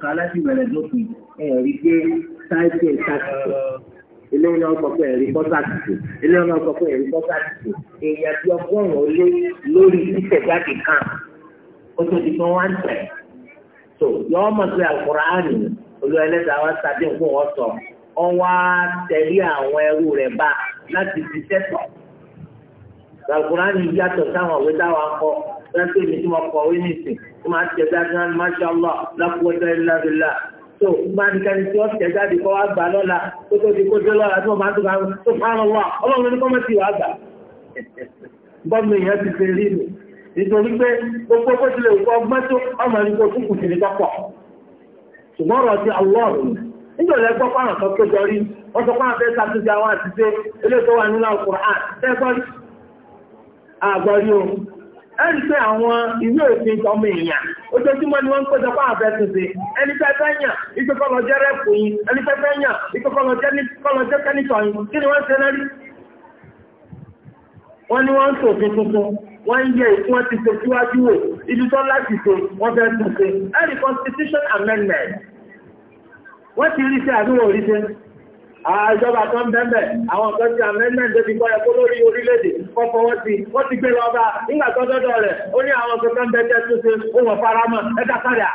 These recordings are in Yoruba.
ka láti bẹ̀rẹ̀ lópin ẹ̀rí pé táìpì ẹ̀tàkìtì ilé iná ọkọ̀ọ̀kọ̀ ẹ̀rí bọ́sàkìtì ilé iná ọkọ̀ọ̀kọ̀ ẹ̀rí bọ́sàkìtì èèyàn bí ọgọ́rùn-ún lé lórí títẹ̀jáde kan ó tó di fún wọn tẹ̀ tó yọ ọmọ pé àkùránì olú ẹlẹ́dàá wa sábẹ́ nǹkan wọn sọ ọwọ́ tẹ̀lé àwọn ẹrú rẹ̀ bá láti fi tẹ̀sán àkùránì yàtọ̀ sáwọn òwe táwọn akọ láti èmi tí mo kọ̀wé ní ìsìn tí máa tẹ̀ jáde náà masha Allah la quwwata illa billah tó máa ní kẹ́ni tí wọ́n tẹ̀ jáde kọ́ wá gbà lọ́la tó tó di kójú lọ́la tí wọ́n máa tó kàwé tó fara wà ọlọ́run ní kọ́ mọ́ ti wà gbà. bọ́ọ̀mù èèyàn ti fi rí mi nítorí pé gbogbo bó tilẹ̀ kọ́ ọgbọ́n tó ọmọ ní kó tún sí ní tọ́pọ̀ ṣùgbọ́n ọ̀rọ̀ ẹ̀rí pé àwọn ìwé òfin tọmọ èèyàn ojoojúmọ́ ni wọ́n ń pèsè fún àfẹ́sùnṣe ẹni pẹ́pẹ́ yàn ipé kọ́lọ jẹ́ rẹ́pù yìí ẹni pẹ́pẹ́ yàn ipé kọ́lọ jẹ́ kẹ́nìtọ̀ yìí kí ni wọ́n ṣe lẹ́rí wọ́n ní wọ́n ń ṣòfin tuntun wọ́n yẹ ìfún wọn ti ṣe síwájú wò ibi tó láti ṣe wọ́n fẹ́ tún ṣe ẹ̀rí constitution amendment wọ́n ti rí ṣe àdúrà orí ṣe Àjọba ah, kan bẹ́ẹ̀bẹ̀, àwọn kan ti amendment tó ti kọ́ ẹkó lórí orílẹ̀-èdè, kọ́kọ́ wọ́n ti, wọ́n ti gbé lọ́ba, nígbà tó dọ́dọ̀ rẹ̀, ó ní àwọn kankan bẹ́ẹ̀ tó ṣe ohun ọ̀faramọ̀, ẹ̀dà padà.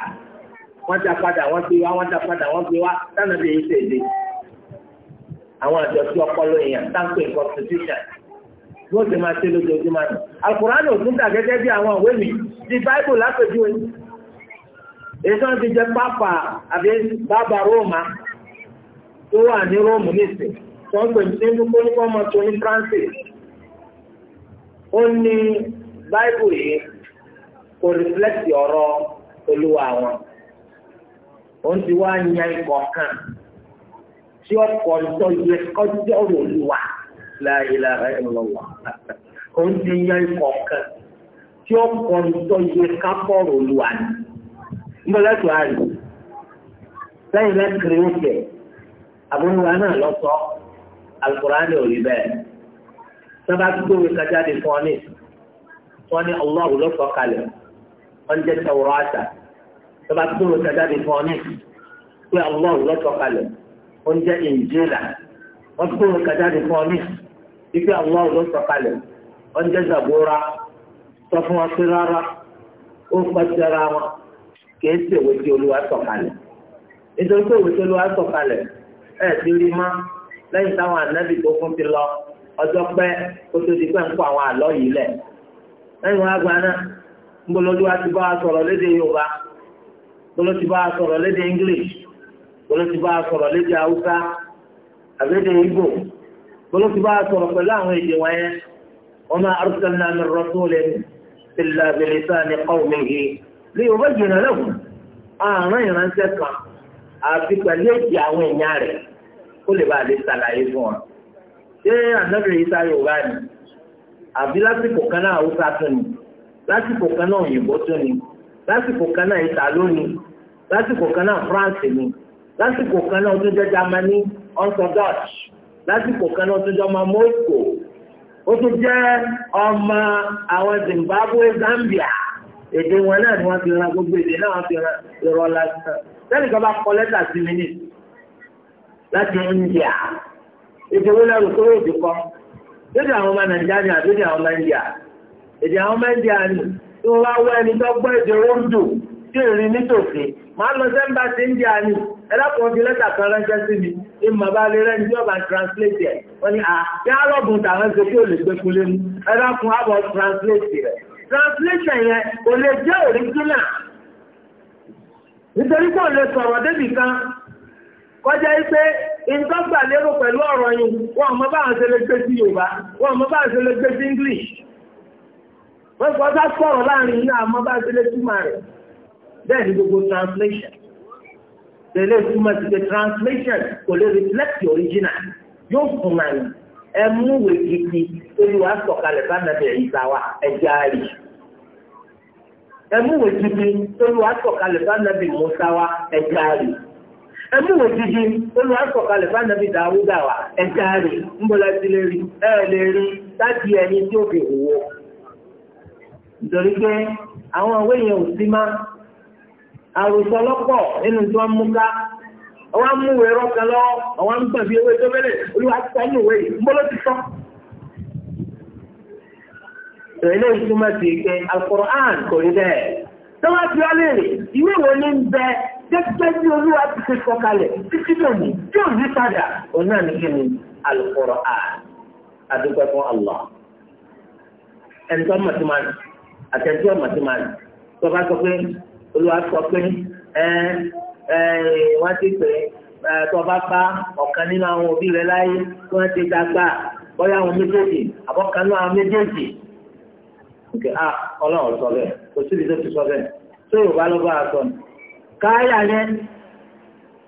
Wọ́n dá padà, wọ́n ti wá, wọ́n dá padà, wọ́n ti wá, lánàá bí èyí ṣe èdè. Àwọn àjọ tí ọpọlọ èèyàn táǹkì constitution ló ti máa ṣe lójoojúmọ́ ni. Àkùránì ò tún tà gẹ́gẹ́ bí àwọn òwe mi, di Báíbù lápèjúwe. Èyí kan ti jẹ pápá àbí bàbá tó wà ní Róòmù nìsín tó ń gbèmí sí dúpọ́ ní kọ́mọ tó ní Francis ó ní báìbù yìí kò rìflẹ́kì ọ̀rọ̀ olúwa wọn òun ti wá yan ikọ̀ kan tí ọkọ̀ ńtọ́ yẹ kọjọ́ olúwa la ilaha illallah òun ti yan ikọ̀ kan tí ọkọ̀ ńtọ́ yẹ kápọ̀rọ̀ olúwa ni. Mbọ́lá tó a rí lẹ́kìrì ó jẹ́ àbúrúwa náà lọ sọ alukurani ò rí bẹ́ẹ̀ sábà gbówe kájáde fún ọ ní wọn ní ọlọ́run ló sọ kalẹ̀ wọn jẹ́ tẹ̀wọ́rọ́ àṣà sábà gbówe kájáde fún ọ ní pé ọlọ́run ló sọ kalẹ̀ wọn jẹ́ ìjìnlá wọn gbówe kájáde fún ọ ní ipe ọlọ́run ló sọ kalẹ̀ wọn jẹ́ zàbúrà sọ fún wọn sí rárá ó ń pàṣẹ wọn kì í ṣèwé tí olúwa sọ kalẹ̀ nítorí pé òwe tí olúwa sọ kalẹ̀. e rí mọ́ lẹ́yìn táwọn ànábì tó fún ti lọ ọjọ́ pẹ́ kó tó ń kó àwọn àlọ́ yìí lẹ̀ lẹ́yìn wọn àgbà náà ti bá sọ̀rọ̀ lédè Yorùbá a sọ̀rọ̀ lédè English a sọ̀rọ̀ lédè Haúsá ti bá a sọ̀rọ̀ pẹ̀lú àwọn èdè wọ̀nyẹn ma arsalna min rasulin illa àfi pẹ̀lú èdè àwọn èèyàn rẹ̀ kó lè bá a lè ṣàlàyé fún wa. ṣé ànábì Ìsá Yorùbá ni àbí lásìkò kan náà Haúsá tún ni lásìkò kan náà òyìnbó tún ni lásìkò kan náà Ìtàló ni lásìkò kan náà France ni lásìkò kan náà tún jẹ́ Germany ọ̀sán Dutch lásìkò kan náà tún jẹ́ ọmọ Moscow ó tún jẹ́ ọmọ àwọn Zimbabwe Zambia èdè wọn náà ni wọ́n ti ra gbogbo èdè náà wọ́n ti ra ìrọ̀ lásán lẹ́nu kan bá kọ lẹ́tà sí mi ní láti India èdè wọn náà rò èdè kọ́ lóde àwọn ọmọ Nàìjíríà ni àbí àwọn ọmọ India èdè àwọn ọmọ India ni tí wọ́n bá wọ ẹni tó gbọ́ èdè Urdu tí ìrìn nítòsí máa lọ sẹ́ńbà sí India ni ẹlẹ́kùn ti lẹ́tà kan ránṣẹ́ sí mi ìmọ̀ bá lè rẹ́ni tí ó bá translate ẹ̀ wọ́n ni à yá lọ́gùn tàwọn ṣe kí ó lè gbẹ́kulé translate rẹ̀ translation yẹn kò lè jẹ́ original nítorí kò lè sọ̀rọ̀ débì kan kọjá ipe ìtọ́gbà lérò pẹ̀lú ọ̀rọ̀ yìí wọ́n mọ́ bá àwọn ṣẹlẹ̀ gbé sí Yorùbá wọ́n mọ́ bá àwọn ṣẹlẹ̀ gbé sí English wọ́n kọ́ sá sọ̀rọ̀ láàrin iná àmọ́ bá ṣẹlẹ̀ túmọ̀ rẹ̀ bẹ́ẹ̀ ni gbogbo translation ṣẹlẹ̀ túmọ̀ sí pé translation kò lè reflect the original yóò fún wa ẹ̀ mú wèé torí wàá sọ̀kalẹ̀ sánàbẹ̀ ìta wa ẹja rí ẹmúwò jíjí torí wàá sọ̀kalẹ̀ sánàbẹ̀ Mùsá wa ẹja rí ẹmúwò jíjí torí wàá sọ̀kalẹ̀ sánàbẹ̀ Dáwúdà wa ẹja rí ńbọ̀lá ti lè rí ẹ lè rí láti ẹni tí ó fi wò nítorí pé àwọn òwe ò sí má àròsọ lọ́pọ̀ nínú tí wọ́n mú ká àwọn amúwèrè ọkàn lọ àwọn amúgbàbí ewé tó fẹ́lẹ̀ olúwa sọ ní òwe yìí ti sọ ilé ìtumọ̀ sí pé Al-Qur'an kò rí bẹ́ẹ̀ tó wá ti wálé rè ìwé wo ní ń bẹ gẹ́gẹ́ bí olúwa ti ṣe sọ̀kalẹ̀ títí lónìí tí ò ní padà òun náà ní kí ni Al-Qur'an adúgbò fún Allah ẹni tó mọ̀ sí máa tó bá sọ pé olúwa sọ pé wọ́n ti pè é tó bá bá ọ̀kan nínú àwọn òbí rẹ láyé tí wọ́n ti dàgbà bóyá àwọn méjèèjì àbọ̀kan àwọn méjèèjì nke a ah, ọlọ́run sọ bẹ́ẹ̀ kò síbi tó ti sọ bẹ́ẹ̀ tó bá a sọ ni. káyà yẹn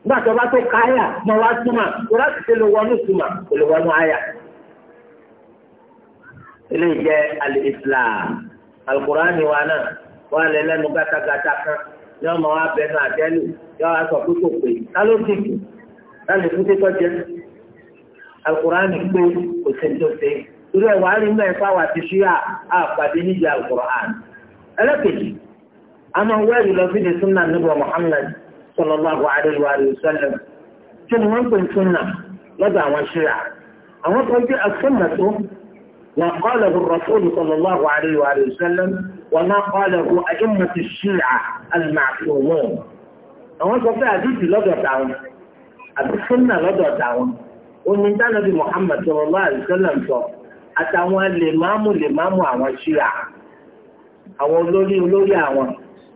nígbà tó bá tó káyà mọ wá túmọ̀ kó láti ṣe lè wọnú túmọ̀ kó lè wọnú àyà. ilé jẹ́ al-Islam alukurani wa náà wà lẹ lẹ́nu gàtàgàtà kan yọ ọmọ wa bẹnu àtẹlù yọ wa sọ pé kò pé kálódìkì láti fún títọ́jẹ alukurani pé kò sí ní irú ẹ̀wà rí mẹ́rin fáwọn àti ṣíà àpàdé níbi alukur'an ẹlẹ́kẹ̀jì a máa wẹ́rì lọ sí ìdísúnà níbọ̀ Muhammad sallallahu alayhi wa sallam kí ni wọ́n pè súnà lọ́dọ̀ àwọn ṣíà àwọn kan jẹ́ asúnàtò wà kọ́lẹ̀ bu rasul sallallahu alayhi wa sallam wà máa kọ́lẹ̀ bu àìmọ̀tì ṣíà àwọn sọ pé àdìsí lọ́dọ̀ táwọn àti súnà lọ́dọ̀ táwọn omi dáná sallallahu alayhi wa sallam sọ àtàwọn lèmáàmù lèmáàmù àwọn ṣíra àwọn olórí olórí àwọn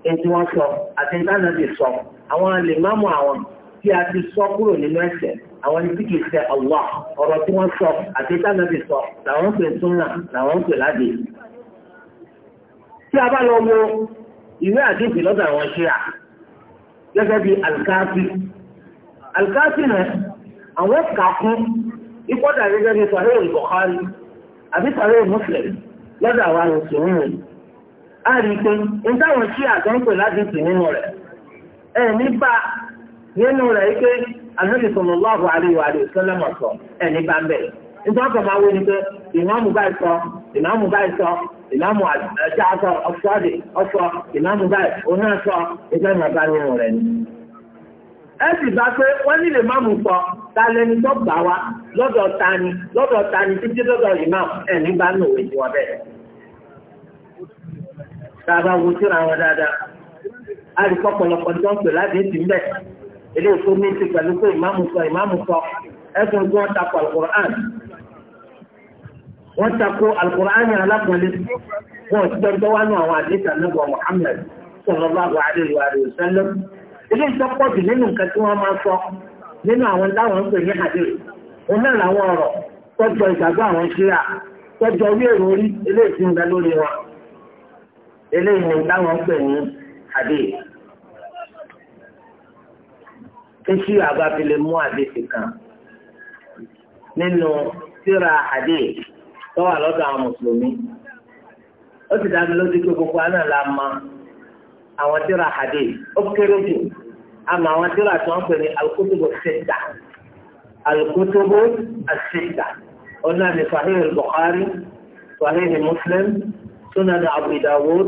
ẹni tí wọ́n sọ àti ìdáná ti sọ àwọn lèmáàmù àwọn tí a ti sọ kúrò nínú ẹ̀ṣẹ̀ àwọn ẹni tí kìí ṣe Allah ọ̀rọ̀ tí wọ́n sọ àti ìdáná ti sọ làwọn ń pè súnà làwọn ń pè láde. tí a bá lọ wo ìwé àdéhùn lọ́dọ̀ àwọn ṣíra gẹ́gẹ́ bí alkaafi alkaafi náà àwọn kà kún ikọ́dà gẹ́gẹ́ bí sọ̀rọ̀ ìbọ̀kárí àbí sàárẹ̀ mùsùlùmí lọ́dọ̀ àwa mùsùlùmí rẹ̀ a rí i pé n táwọn ṣí àtọ́ńpẹ̀ láti tì nínú rẹ̀ ẹ̀ ní bá nínú rẹ̀ yí pé ànábì sallallahu alaihi wa sallam sọ ẹ̀ ní bá ń bẹ̀rẹ̀ nítorí ọkọ̀ máa wé ni pé ìmáàmù báyìí sọ ìmáàmù báyìí sọ ìmáàmù àjà sọ ọ̀ṣọ́dì ọ̀ṣọ́ ìmáàmù báyìí òun náà sọ ìfẹ́ ta lẹni tó gbà wá lọ́dọ̀ ta ni lọ́dọ̀ ta ni títí lọ́dọ̀ imam ẹni bá nù òwe tiwọn bẹ́ẹ̀. Tàbá wo síra wọn dáadáa. A rí pọ̀pọ̀lọpọ̀ tó ń pè láti ètì ń bẹ̀. Ilé ìfún mi ti pẹ̀lú pé ìmáàmù sọ ìmáàmù sọ. Ẹ̀sùn tí wọ́n takò Al-Qur'an. Wọ́n takò Al-Qur'an yẹn alákùnrin. Wọ́n ti gbẹ́ńtọ́ wá nù àwọn àdéhùn nígbà Mùhàmmad sallallahu alaihi wa sallam nínú àwọn láwọn ń pè ní àdé òun náà làwọn ọ̀rọ̀ tọ́jọ ìgbàgbọ́ àwọn ṣíra tọ́jọ orí èrò orí eléyìí ti ń bẹ lórí wọn eléyìí ni láwọn ń pè ní àdé kéṣí àbáfilé mú àdé kan nínú síra àdé tó wà lọ́dọ̀ àwọn mùsùlùmí ó ti dá mi lójú pé gbogbo àná la mọ àwọn síra àdé ó kéré jù àmọ́ àwọn tíra tí wọ́n pè ní alukutubu sita alukutubu sita ọ̀nà ní sahih al-bukhari sahih muslim sunan abu dawud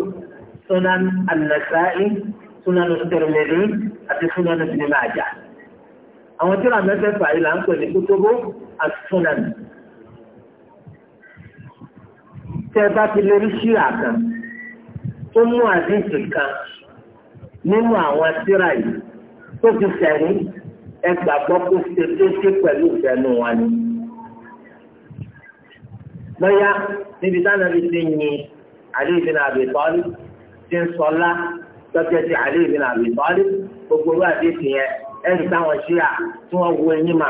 sunan an-nasa'i sunan tirmidhi àti sunan ibn majah àwọn tíra mẹ́fẹ̀ẹ̀fà yìí là ń pè ní sunan tẹ́ ti lè rí ṣíra tó mú àdéhùn kan nínú àwọn tíra yìí tó fi sẹ̀rí ẹ gbàgbọ́ kó ṣe déédé pẹ̀lú ìfẹ́nu wa ni. lọ́yà níbi táwọn ẹbí ti yin Ali bin Abi Talib ti ń sọlá tọ́jú ti Ali bin Abi gbogbo wa ti yẹn ẹni táwọn ṣíà tí wọ́n wo ẹyin mà.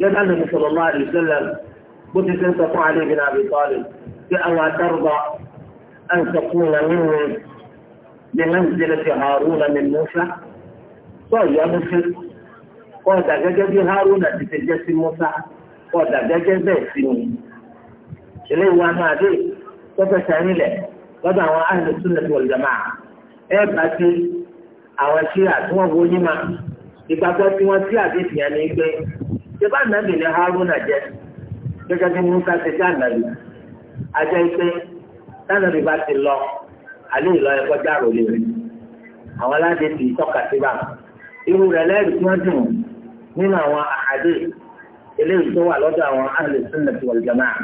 yọ́dá lóni sallallahu alaihi wasallam bó ti ṣe ń sọ fún Ali bin Abi pé àwọn atẹ́rùbọ̀ أن تكون مني بمنزلة هارون tó ìyọnu sí kó ọ̀dà gẹ́gẹ́ bí Haruna ti ṣe jẹ́ sí Musa kó ọ̀dà gẹ́gẹ́ bẹ́ẹ̀ sí mi. eléyìí wa náà dé tọ́fẹ̀sẹ̀ nílẹ̀ lọ́dọ̀ àwọn ahlu sunnah wal jamaa ẹ bá ti àwọn ṣí àtúwọ̀n oyin ma ìgbàgbọ́ tí wọ́n sí àdéhùn yẹn ní gbé ṣé bá nàbì ní Haruna jẹ gẹ́gẹ́ bí Musa ti ṣe ànàbì ajẹ́ ìpè tánàbì bá ti lọ àlè ìlọ ẹ̀kọ́ dárò lè rí àwọn aládé ti tọ́ka sí báwọn irú rẹ̀ lẹ́rìí tí wọ́n dùn nínú àwọn àhàdé eléyìí tó wà lọ́dọ̀ àwọn ahlu sunnah wal jamaa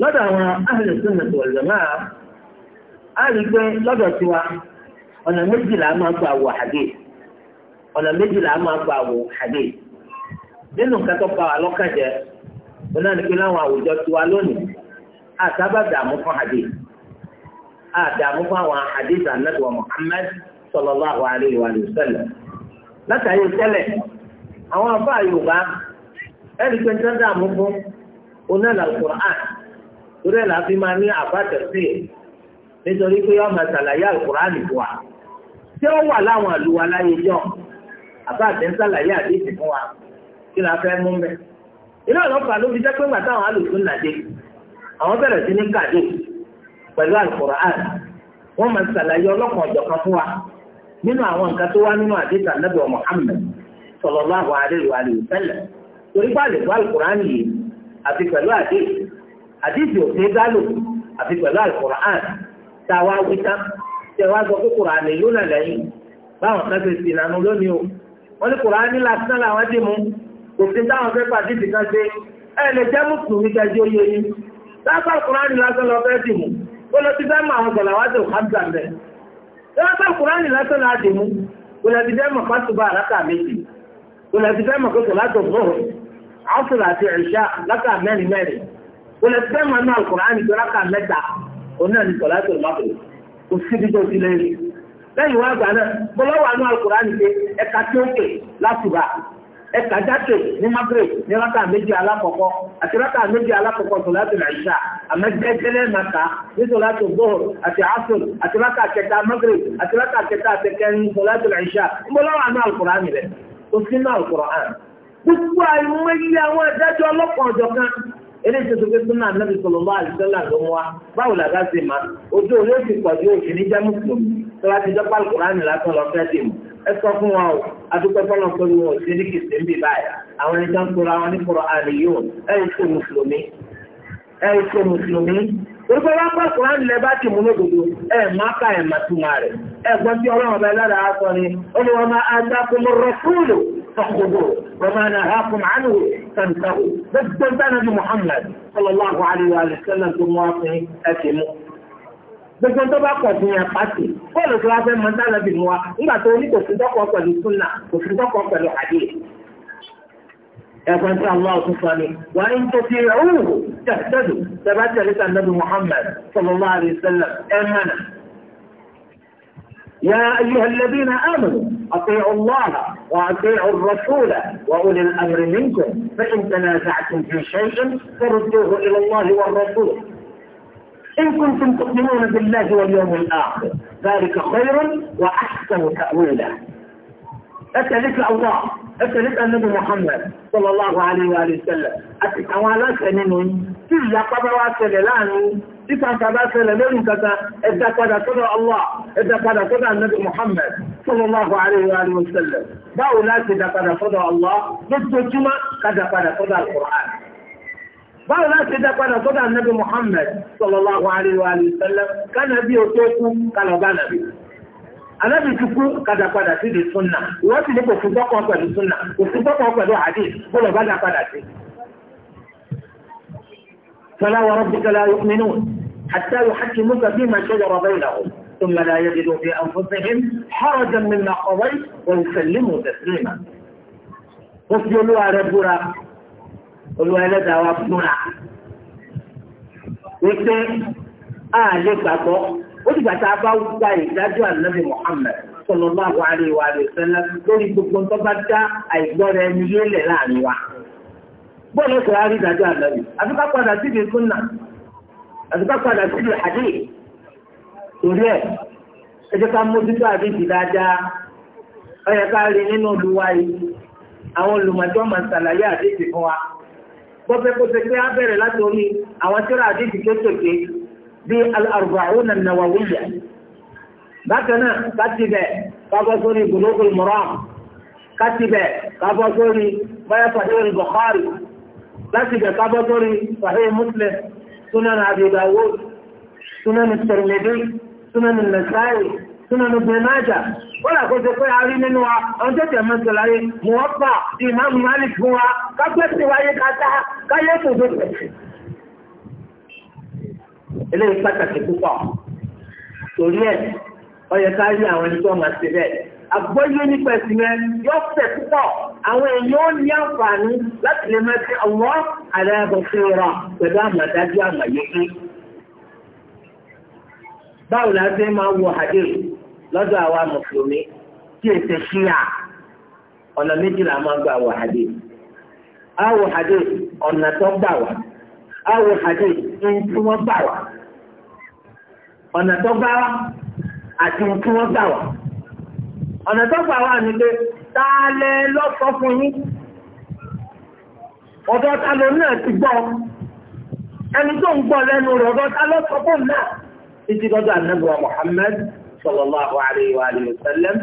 lọ́dọ̀ àwọn ahlu sunnah wal jamaa á rí i pé lọ́dọ̀ tiwa ọ̀nà méjìlá máa gba àwọ̀ àhàdé ọ̀nà méjìlá máa gba àwọ̀ àhàdé nínú nǹkan tó pa wà lọ́kàjẹ́ wọn náà ní pé láwọn àwùjọ tiwa lónìí àtàbàdàmú fún àhàdé àdàmú fún àwọn àhàdé sàn sallallahu alaihi wa sallam látàrí tẹ́lẹ̀ àwọn afá yorùbá ẹ̀rí pé tí wọ́n dà mú fún onílà alukur'an torí ẹ̀ láti máa ní àbá tẹ̀sí nítorí pé wọ́n máa ṣàlàyé alukur'an fún wa tí ó wà láwọn àlùwà láyé jọ àbá àti ń ṣàlàyé àdéhìí fún wa kí la fẹ́ mú mẹ́. iná ọlọ́pàá ló fi jẹ́ pé gbàtà àwọn alùpùpù nàdé àwọn bẹ̀rẹ̀ sí ní kàdé pẹ̀lú alukur'an wọ́n máa ṣàlàyé ọlọ́kan ọ̀jọ̀kan fún wa nínú àwọn nǹkan tó wá nínú àdéhùn ànábì wa Muhammad sallallahu alaihi wa sallam torí pàlẹ́ fún alukur'ani yìí àti pẹ̀lú àdéhùn àdéhùn òfin dálò àti pẹ̀lú alukur'an tá a wá wí tán tẹ wá sọ pé kur'an ló nà lẹ́yìn báwọn kan ṣe sìn lánàá lónìí o wọn ní kur'an lásán làwọn dì mú òfin táwọn fẹ́ pàdé ti kan ṣe ẹ lè jẹ́ mùsùlùmí kẹjọ yẹ yín lásán kur'an lásán lọ fẹ́ dì mú lọ́sọ̀ kùránì lọ́sọ̀ láti mú olùdíjẹ́ mọ̀ pátùbà méjì olùdíjẹ́ kókò látọ̀ bọ́ọ̀ àwọ̀sọ̀lá àti ìṣá lákà mẹ́rin mẹ́rin olùdíjẹ́ náà kùránì tó mẹ́ta látọ̀ kò tó ti lẹ́yìn lẹ́yìn wá gbà náà pé ẹ̀ka látùbà ẹka jáde ní magre ní rákà méjì alákọ̀ọ́kọ́ àti rákà méjì alákọ̀ọ́kọ́ sọ̀láàtì nàìjíríà àmọ́ jẹ́jẹ́lẹ́ màkà ní sọ̀láàtì gbòòrò àti asùn àti rákà kẹta magre àti rákà kẹta àtẹkẹrin sọ̀láàtì nàìjíríà ń bọ́ láwọn àná alukur'an rẹ̀ kò sí gbogbo àwọn anábì ló báwo làbá ojú pọ̀jù jẹ́ mùsùlùmí ti dọ́pọ̀ lọ́fẹ́ dì ẹ sọ fún wa o adúpẹ́fọ́nà pẹ̀lú wọn sí ń bì báyìí àwọn ẹni tó ń kóra wọn ní kóra àlè yóò mùsùlùmí ẹ mùsùlùmí orúkọ wa pẹ́ kóra bá ti mú lódodo má ni ó máa ajá rọ́fúlù ha gbogbo Muhammad gbogbo tó bá kọ̀ sí yẹn pàṣẹ bọ́ọ̀lù tó wá fẹ́ mọ dáná bì mú wa nígbà tó ní kò sí tọkọ pẹ̀lú súnà kò sí tọkọ pẹ̀lú àdé. ẹ̀gbọ́n tí àwọn ọ̀tún sọ ni wà á ń tó fi ọ̀húnwò tẹ̀síọ̀dù tẹ̀bá tẹ̀lé sàn nàbì Muhammad sallallahu alaihi wasallam ẹ̀ mọ̀nà. يا أيها الذين آمنوا أطيعوا الله وأطيعوا الرسول وأولي الأمر منكم فإن تنازعتم في شيء فردوه إلى الله والرسول إن كنتم تؤمنون بالله واليوم الآخر ذلك خير وأحسن تأويلا أتلك الله أتلك النبي محمد صلى الله عليه وآله وسلم أتكوالك نمي تجي قبرات للاني إذا قبرات للاني كذا إذا كذا كذا الله إذا كذا كذا النبي محمد صلى الله عليه وآله وسلم باولاك إذا كذا كذا الله ضد الجمع كذا كذا كذا القرآن báwo láti dá padà sọ́dọ̀ ànábì Muhammad sallallahu alaihi wa sallam kánàbí o tó kú kálọ̀bá nàbí alábì ti kú kàdà padà sí di súnà wọ́n sì ní kò fún tọ́kọ̀ pẹ̀lú súnà kò fún tọ́kọ̀ pẹ̀lú hadith bọ́lọ̀ bá dá padà sí. fala wa rabbika la yu'minun hatta yuhakkimuka fima shajara baynahum ثم لا يجدوا في أنفسهم حرجا مما قضيت ويسلموا تسليما. وفي الله ربنا olúwa ẹlẹ́dàá wa fúnra wípé a lè gbàgbọ́ ó dìgbà tá a bá gba ìdájọ́ ànábì Muhammad sallallahu alaihi wa sallam lórí gbogbo ń tọ́ba dá àìgbọ́ra ẹni yélẹ̀ láàrin wa bọ́ọ̀lù ẹ̀kọ́ á rí ìdájọ́ ànábì àti ká padà síbi súnà àti ká padà síbi hadith torí ẹ̀ ẹ jẹ́ ká mójútó àdéhùn dáadáa ó yẹ ká rí nínú olúwa yìí àwọn olùmọ̀jọ́ máa ṣàlàyé àdéhùn fún wa kọ́fẹ́ kó ṣe pé á bẹ̀rẹ̀ láti orí àwọn tíra àdìsí kéékèèké bí al-arba'un an-nawawiyya bákan náà káti bẹ̀ kábọ́ sórí bulugul maram káti bẹ̀ kábọ́ sórí báyà sahih sínú gbogbo nájà ó làkóso pé a rí nínú wa ọ̀n tẹ̀tẹ̀ mọ́sọ̀láyé mọ́ọ́pà ti ìmáàmù Malik fún wa kápẹ́ ti wáyé kátá káyé rẹ̀ yóò fẹ̀ púpọ̀ àwọn èèyàn ó ní àǹfààní láti lè pẹ̀lú àmàdájú àmàyé máa wọ lọ́dọ̀ àwa mùsùlùmí tí èsè ṣíà ọ̀nà méjìlá máa gbà wọ hadith àwọ hadith ọ̀nà tó gbà wá àwọ hadith ntí wọ́n gbà wá ọ̀nà tó gbà wá àti ntí wọ́n gbà wá ọ̀nà tó gbà wá ni pé tá a lẹ lọ́sọ̀ fún yín ọ̀dọ̀ ta ló náà ti gbọ́ ẹni tó ń gbọ́ lẹ́nu rẹ̀ ọ̀dọ̀ ta lọ́sọ̀ fún náà títí lọ́dọ̀ ànábì wa sallallahu alaihi wa alihi wasallam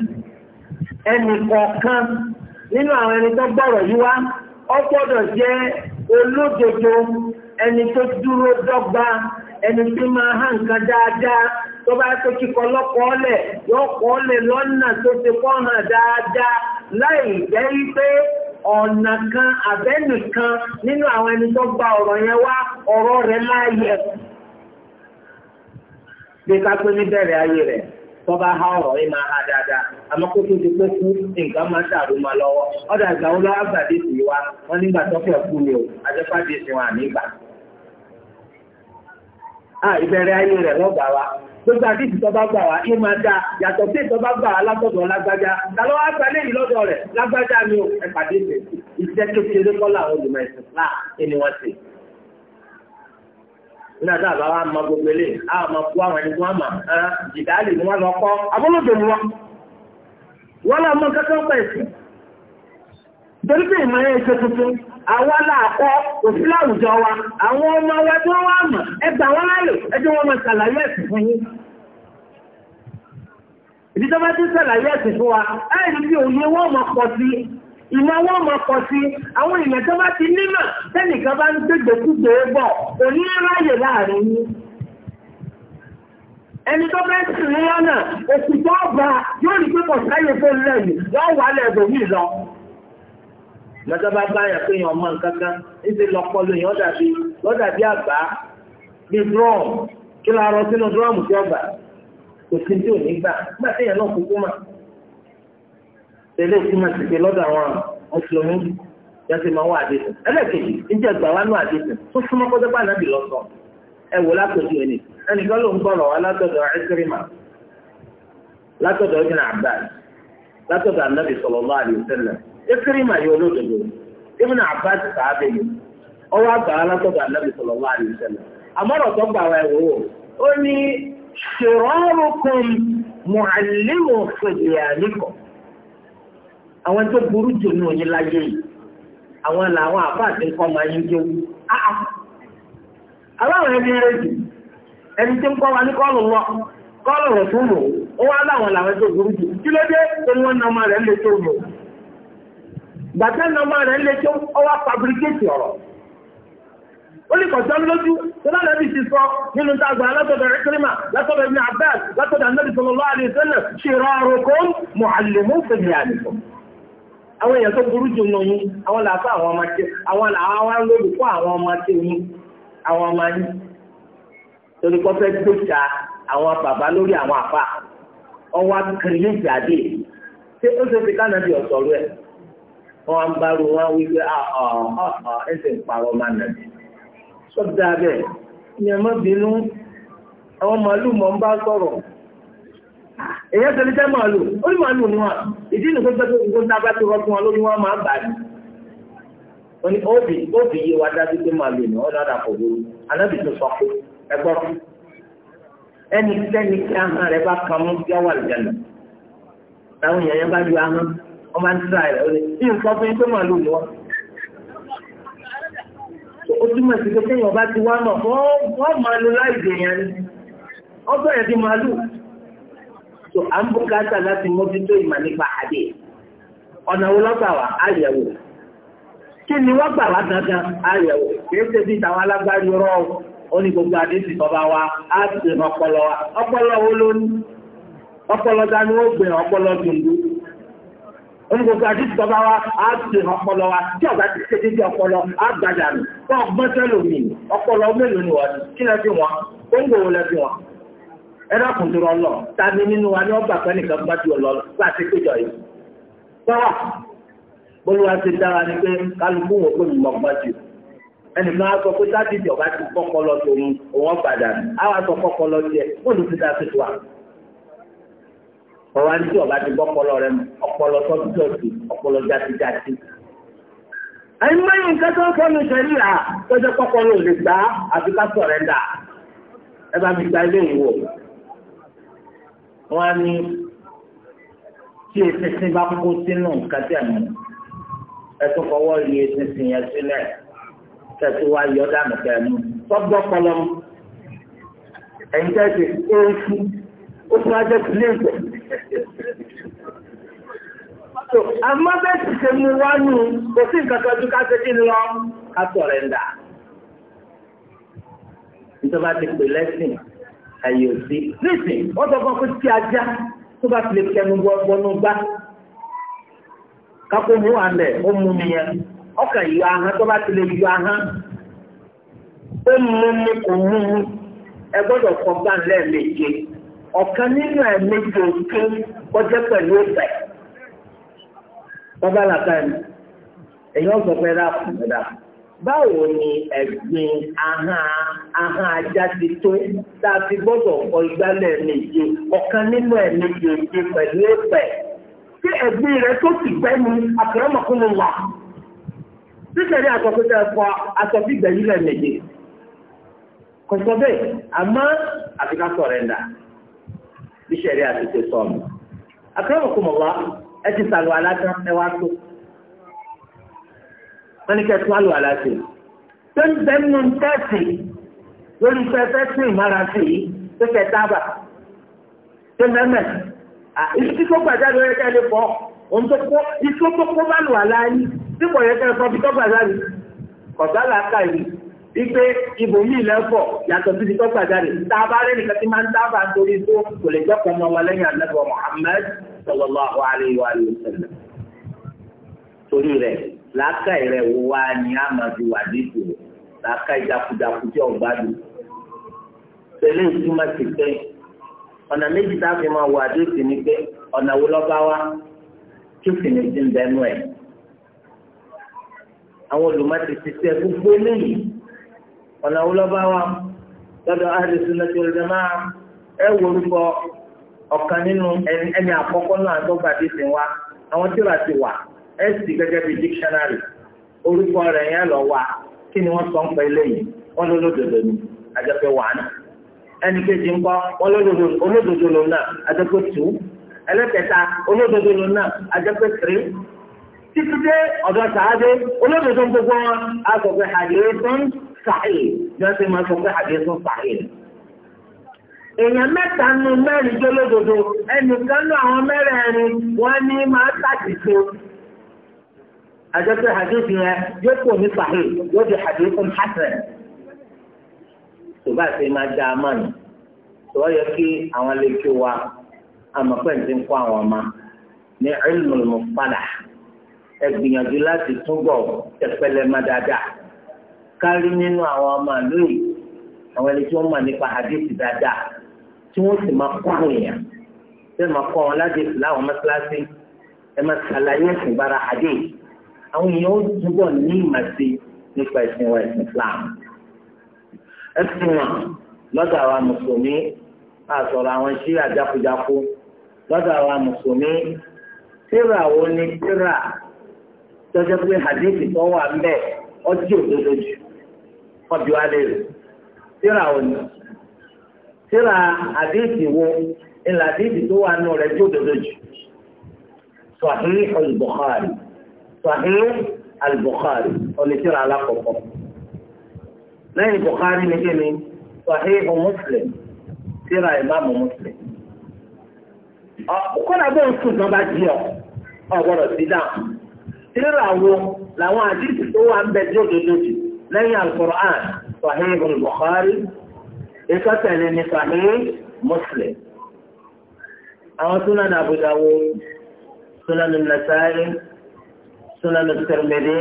ẹnì kọ̀ọ̀kan nínú àwọn ẹni tó gbọ́rọ̀ yìí wá gbọ́dọ̀ jẹ́ olódodo ẹni tó dúró dọ́gba ẹni tí máa hàn kan dáadáa tó bá tó kíkọ lọ́kọ̀ọ́lẹ̀ lọ́nà tó ti kọ́ hàn dáadáa láì jẹ́ ọ̀nà kan àbẹ́nìkan nínú àwọn ẹni tó gba ọ̀rọ̀ tó bá há ọ̀rọ̀ yìí máa há dáadáa àmọ́ tó ti pé kú nǹkan máa dàrú máa lọ́wọ́ ọ̀dà ìgbà wo lọ́wọ́ àgbàdì ni o àjẹpàdé wọn ànígbà. a ìbẹ̀rẹ̀ gba lọ́dọ̀ rẹ̀ lágbájá ni ìṣẹ́ kékeré nígbà tá a bá wa gbogbo ilé a ma fún àwọn ẹni tí wọ́n mọ̀ lè ni wọ́n lọ kọ́ abúlódò ni mọ kankan pẹ̀ sí. torí pé ìmọ̀ ṣe wa àwọn ọmọ wa tí wọ́n wá mọ̀ ṣàlàyé fún yín. ṣàlàyé fún wa ìmọ̀ wọn mọ̀ pọ̀ sí àwọn èèyàn tó bá ti nímọ̀ tẹ́nìkan bá ń gbégbèkúgbè bọ̀ òní ráyè láàrin yín ẹni tó bẹ́ sì ní lọ́nà òkú tó ọba yóò rí pé kọ̀sáyé fún lẹ́yìn wọ́n wà lẹ́gbẹ̀ẹ́ yìí lọ. lọ́jọ́ bá bá yàn pé yàn mọ nǹkan kan níbi lọ́pọ̀lọ́ yàn dàbí lọ́dàbí àgbá bíi drọ́ọ̀mù kí la rọ sínú drọ́ọ̀mù tí ọgbà kò sí tí ò ní gbà nígbà tí yàn náà tẹ́lẹ̀ túmọ̀ sí pé lọ́dọ̀ àwọn mùsùlùmí yẹtì máa wọ àdéhùn ẹlẹ́kẹ̀yì níjẹ́ gbà wá ní àdéhùn tó súnmọ́ kó dẹ́gbà náà bì lọ́sọ̀ ẹ wò látọ̀jú ẹni ẹnìkan ló ń gbọ́rọ̀ wá látọ̀dọ̀ ẹsẹ̀rìmà látọ̀dọ̀ ibn Abbas látọ̀dọ̀ anábì sallallahu alaihi wasallam ẹsẹ̀rìmà yóò lódodo ibn Abbas sàábẹ̀ yìí ọwọ́ àgbà wá látọ̀dọ̀ anábì sallallahu alaihi wasallam àmọ́rọ̀ tó gbà wá ẹ̀wọ̀ wò ó ní ṣèrọ́rùkùn mùhàlímù fèdèyàníkùn àwọn tó burú jù ní òye láyé yìí àwọn làwọn àfáàtì ń kọ́ máa yín jó áá aláwọ̀ ẹni rẹ̀ jù ẹni tí ń kọ́ wa ní kọ́ọ̀lù wọ kọ́ọ̀lù rẹ̀ fún ó wá láwọn làwọn tó burú jù kí ló dé na ọmọ rẹ̀ ń lè tó na ọmọ rẹ̀ ń lè tó ó wá fabricate ọ̀rọ̀ ó ní kọ̀tọ́ lójú tó ti sọ àwọn èèyàn tó burú jù nù yín àwọn làáfà àwọn ọmọ tí àwọn àwọn olólùkọ́ àwọn ọmọ tí yín àwọn ọmọ yín torí kọ́ fẹ́ gbèsà àwọn bàbá lórí àwọn àfà ọwọ́ kìrìyìn jáde ṣé ó ṣe ti kánà bí ọ̀sọ̀ rẹ̀ wọ́n á ń bá ru wọn wí pé ọ̀ọ̀ ah, ah, ah, ẹsẹ̀ ń parọ́ máa nà bí. sọ́dọ̀ abẹ́ ìyẹn mọ́ bínú àwọn màálù mọ́ ń bá sọ̀rọ̀ èyàn tẹ̀lé tẹ́ màálù ó ní màálù ní wọn ìdí ìlú tó gbẹ́gbẹ́ ìgbó ní abá ti rọ fún wọn lórí wọn máa bà ní. wọ́n ní óbì óbì yé wa dájú pé màálù ní ọ̀dọ̀ àdà kò lóru anábì tó sọ pé ẹ gbọ́rọ̀ ẹni tẹ́ni tí ahọ́n rẹ bá kan mú yá wà lẹ́nu táwọn èèyàn yẹn bá yọ ahọ́n wọ́n máa ń tíra ẹ̀ lọ́lẹ̀ bí nǹkan fún pé màálù ní wọn. O túmọ̀ sí pé kéèyàn bá ti wá náà wọ́n máa lo láì tó à ń bùkátà láti mójútó ìmọ̀ nípa àdé ọ̀nà wo lọ́gbà wá àyẹ̀wò kí ni wọ́n gbà wá gangan àyẹ̀wò kìí ṣe bí tàwọn alágbárí rọ ó ní gbogbo àdé sì tọ́ba wa á sì ọpọlọ wa ọpọlọ wo ló ní ọpọlọ dání ó gbìn ọpọlọ dùndú onígbogbo àdìsí bàbá wa á ṣe ọpọlọ wa tí ọ̀gá ti ṣe dédé ọpọlọ á gbàdà nù fún ọgbọ́n sẹ́lòmíì ọpọlọ mélòó ni wọ́n kí lẹ́ fi wọ́n ẹ̀rọ kùn tó rọlọ tani nínú wa ní ọgbà kan nìkan bá ju ọlọ láti péjọ yìí tọ́wà bólúwa ti dára ni pé kálukú wọn pé mímọ́ gbá jù ẹnì kan á sọ pé sádìdì ọba ti kọ́kọ́ lọ tòun òun ọgbàdà á wà sọ kọ́kọ́ lọ tiẹ̀ bóòlù ti dá sí wa ọwọ́ àti tí ọba ti gbọ́ ọpọlọ rẹ mu ọpọlọ sọ́dúnjọ́sì ọpọlọ jáde-jáde. àìmọye nǹkan tó ń sọ ní ìṣẹ̀lẹ̀ à tọ́jú pọ́pọ́ ló lè gbá àfi ká ẹ bá mi gba ilé ìwò wọ́n á ní tí eṣinṣin bá kó sínú nǹkan tí a mọ̀ ẹtún fọwọ́ rí eṣinṣin yẹn sílẹ̀ kẹtù wá yọ dànù kẹmu tọ́gbọ́ pọlọm ẹ̀yin tẹ́sí éésù ó tún wá jẹ́ sílẹ̀ǹtẹ̀. àmọ́ bẹ́ẹ̀ sì ṣe mú wá nù kò sí nǹkan tó dúkà ṣe kí n lọ ká sọ̀rẹ̀ ń dà. nítorí wọ́n ti pè lẹ́sìn àyè òsí nísìn wọ́n sọ fún ọ pé tí ajá tó bá ti lè kẹnu gbọ́nú gbá kápó mú wa mẹ́ ó mú mi yẹn ọkàn yọ ahọ́n tó bá ti lè yọ ahọ́n ó mú mi kò mú mi ẹ gbọ́dọ̀ kọ́ gbà lẹ́ẹ̀mejì ọ̀kan nínú ẹ̀mejì òkè kọjá pẹ̀lú ìfẹ́ bàbá làkà ẹ̀mí èyí ọ̀sọ̀ fẹ́ dà fún mi dà báwo ni ẹ̀gbin ahọ́n ahọ́n ajá ti tó tá a fi gbọ́dọ̀ kọ ìgbálẹ̀ méje ọ̀kan nínú ẹ̀ méje ti pẹ̀lú ẹ̀pẹ̀. Ṣé ẹ̀gbin rẹ tó ti gbẹ́nu àkàràmọ̀kúnmu wà? Sísẹ̀ ní àtọ̀kútà ẹ̀fọ́ àtọ̀bí gbẹ̀yìn rẹ̀ méje. Kò sọ bẹ́ẹ̀, àmọ́ àfi ká sọ̀rọ̀ ẹ̀dá. Bíṣẹ̀ rí àti ti sọ̀nù. Àkàràmọ̀kúnmu wà ẹ ti sàlù aláṣẹ ẹ wá tó. Wọ́n ní kẹ́ lórí pẹ́ẹ́fẹ́ tí ìmára sí yìí pẹ́ẹ́fẹ́ tábà ṣé mẹ́mẹ́ ìṣí tó gbàjáde rẹ̀ kẹ́lẹ́ pọ̀ ohun tó kó iṣó tó kó bá lù àlá yín tí kò yẹ kẹ́lẹ́ pọ̀ bí tó gbàjáde kọ̀dá làákà yìí wípé ibò yìí lẹ́fọ̀ yàtọ̀ sí ti tó gbàjáde tábà rẹ̀ nìkan ti máa ń tábà nítorí tó kò lè jọ́kọ̀ ọmọ wa lẹ́yìn àlẹ́bọ̀ Muhammad sallallahu alaihi wa sallam torí rẹ̀ làákà rẹ̀ wá ni a máa fi wà dípò làákà ìjàkújàkú tí ọ̀gbádùn tẹ̀lé ìtumọ̀ sí pé ọ̀nà méjì tá a fi máa wà dé sí ni pé ọ̀nà wo lọ́ba wa tó sì ní ti ń bẹnu ẹ̀. àwọn olùmọ̀tì ti gbogbo eléyìí ọ̀nà wo lọ́dọ̀ orúkọ ọ̀kan ẹni àkọ́kọ́ náà tó wa àwọn ti wà ẹ sì gẹ́gẹ́ bí orúkọ rẹ̀ yẹn lọ kí ni wọ́n ẹnì kejì ńkọ́ olódodo lòun náà àjẹpẹ́ tù ẹlẹ́kẹta olódodo lòun náà àjẹpẹ́ tìrì títí dé ọ̀dọ̀ sàádé olódodo gbogbo wọn a sọ pé hadithun sahih bí wọ́n ti máa sọ pé hadithun sahih èèyàn mẹ́ta nu mẹ́rin jólódodo ẹnìkan nu àwọn mẹ́rẹ̀ẹ̀rin wọ́n ní máa tàbíkó. àjọṣe hadith yẹn yóò kò ní sahih yóò di hadithun hasan tó bá ṣe máa dá a mọ̀ nù tó yẹ kí àwọn lẹ́kí wa àmọ́ pẹ̀lú ń kó àwọn ọmọ ní ilmul mustalah ẹ gbìyànjú láti túbọ̀ tẹpẹlẹ má dáadáa kárí nínú àwọn ọmọ lóyè àwọn ẹni tí wọ́n mọ̀ nípa hadith dáadáa tí wọ́n sì máa kọ́ àwọn èèyàn ṣé máa kọ́ wọn láti láwọn mọ́ṣáláṣí ẹ máa ṣàlàyé ẹ̀sìn bára hadith àwọn èèyàn ó túbọ̀ ní ìmọ̀ sí nípa ẹ̀sìn wa ẹ̀sìn Islam ẹ̀sìn wọn lọ́dọ̀ àwa mùsùlùmí àsọ̀rọ̀ àwọn sí àjákujáku lọ́dọ̀ àwa mùsùlùmí tíra wo ni tíra tọ́jọ́ pé hadith tó wà ń bẹ̀ ọjọ́ òdodo jù ọbí wa lè rè tíra wo ni tíra hadith wo ìlà hadith tó wà nù rẹ̀ jù òdodo jù Sahih al-Bukhari Sahih al-Bukhari onítíra alákọ̀ọ́kọ́ lẹ́yìn Bukhari ní kí ni Sahihu Muslim sira ìmáàmù Muslim. kọ́nà bó ń sùn tán bá jí ọ ọ̀gbọ́dọ̀ sí dáhùn. síra wo làwọn àdìsí tó wà ń bẹ tí ó dodo jù lẹ́yìn Al-Qur'an Sahihu Bukhari ìkọ́tẹ̀lé ní Sahihu Muslim. àwọn Sunan Abu Dawud Sunan Nasa'i Sunan Tirmidhi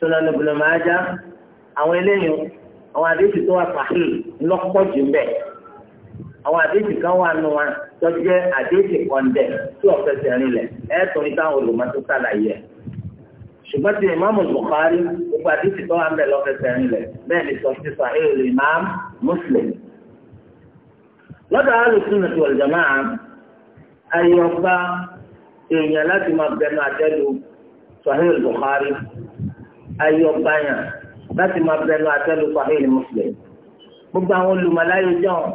Sunan Ibn Majah àwọn eléyìí àwọn àdéhùn tó wà pàṣẹ ńlọ́pọ̀jù hmm, mbẹ̀ àwọn àdéhùn kan wà nù wa tọ́jú àdéhùn kọ̀ǹdẹ̀ tí ọ̀fẹ́sẹ̀ rinlẹ̀ ẹ̀ tó ní táwọn olùmọ̀tòkà láyé ṣùgbọ́n ti ìmáàmù Bukhari gbogbo àdéhùn tó wà ń bẹ̀ lọ́fẹ́sẹ̀ rinlẹ̀ bẹ́ẹ̀ ni sọ sí sàhẹ́ẹ̀lì ìmáàmù Muslim lọ́dọ̀ Ahlus-Sunnah wal Jamā'ah ayọ̀gbá èèyàn láti máa bẹnu àtẹ́lu sàhẹ́ẹ̀lì láti máa bẹnu àtẹ́lu Sahih Muslim gbogbo àwọn olùmọ̀láyò jọ̀ọ́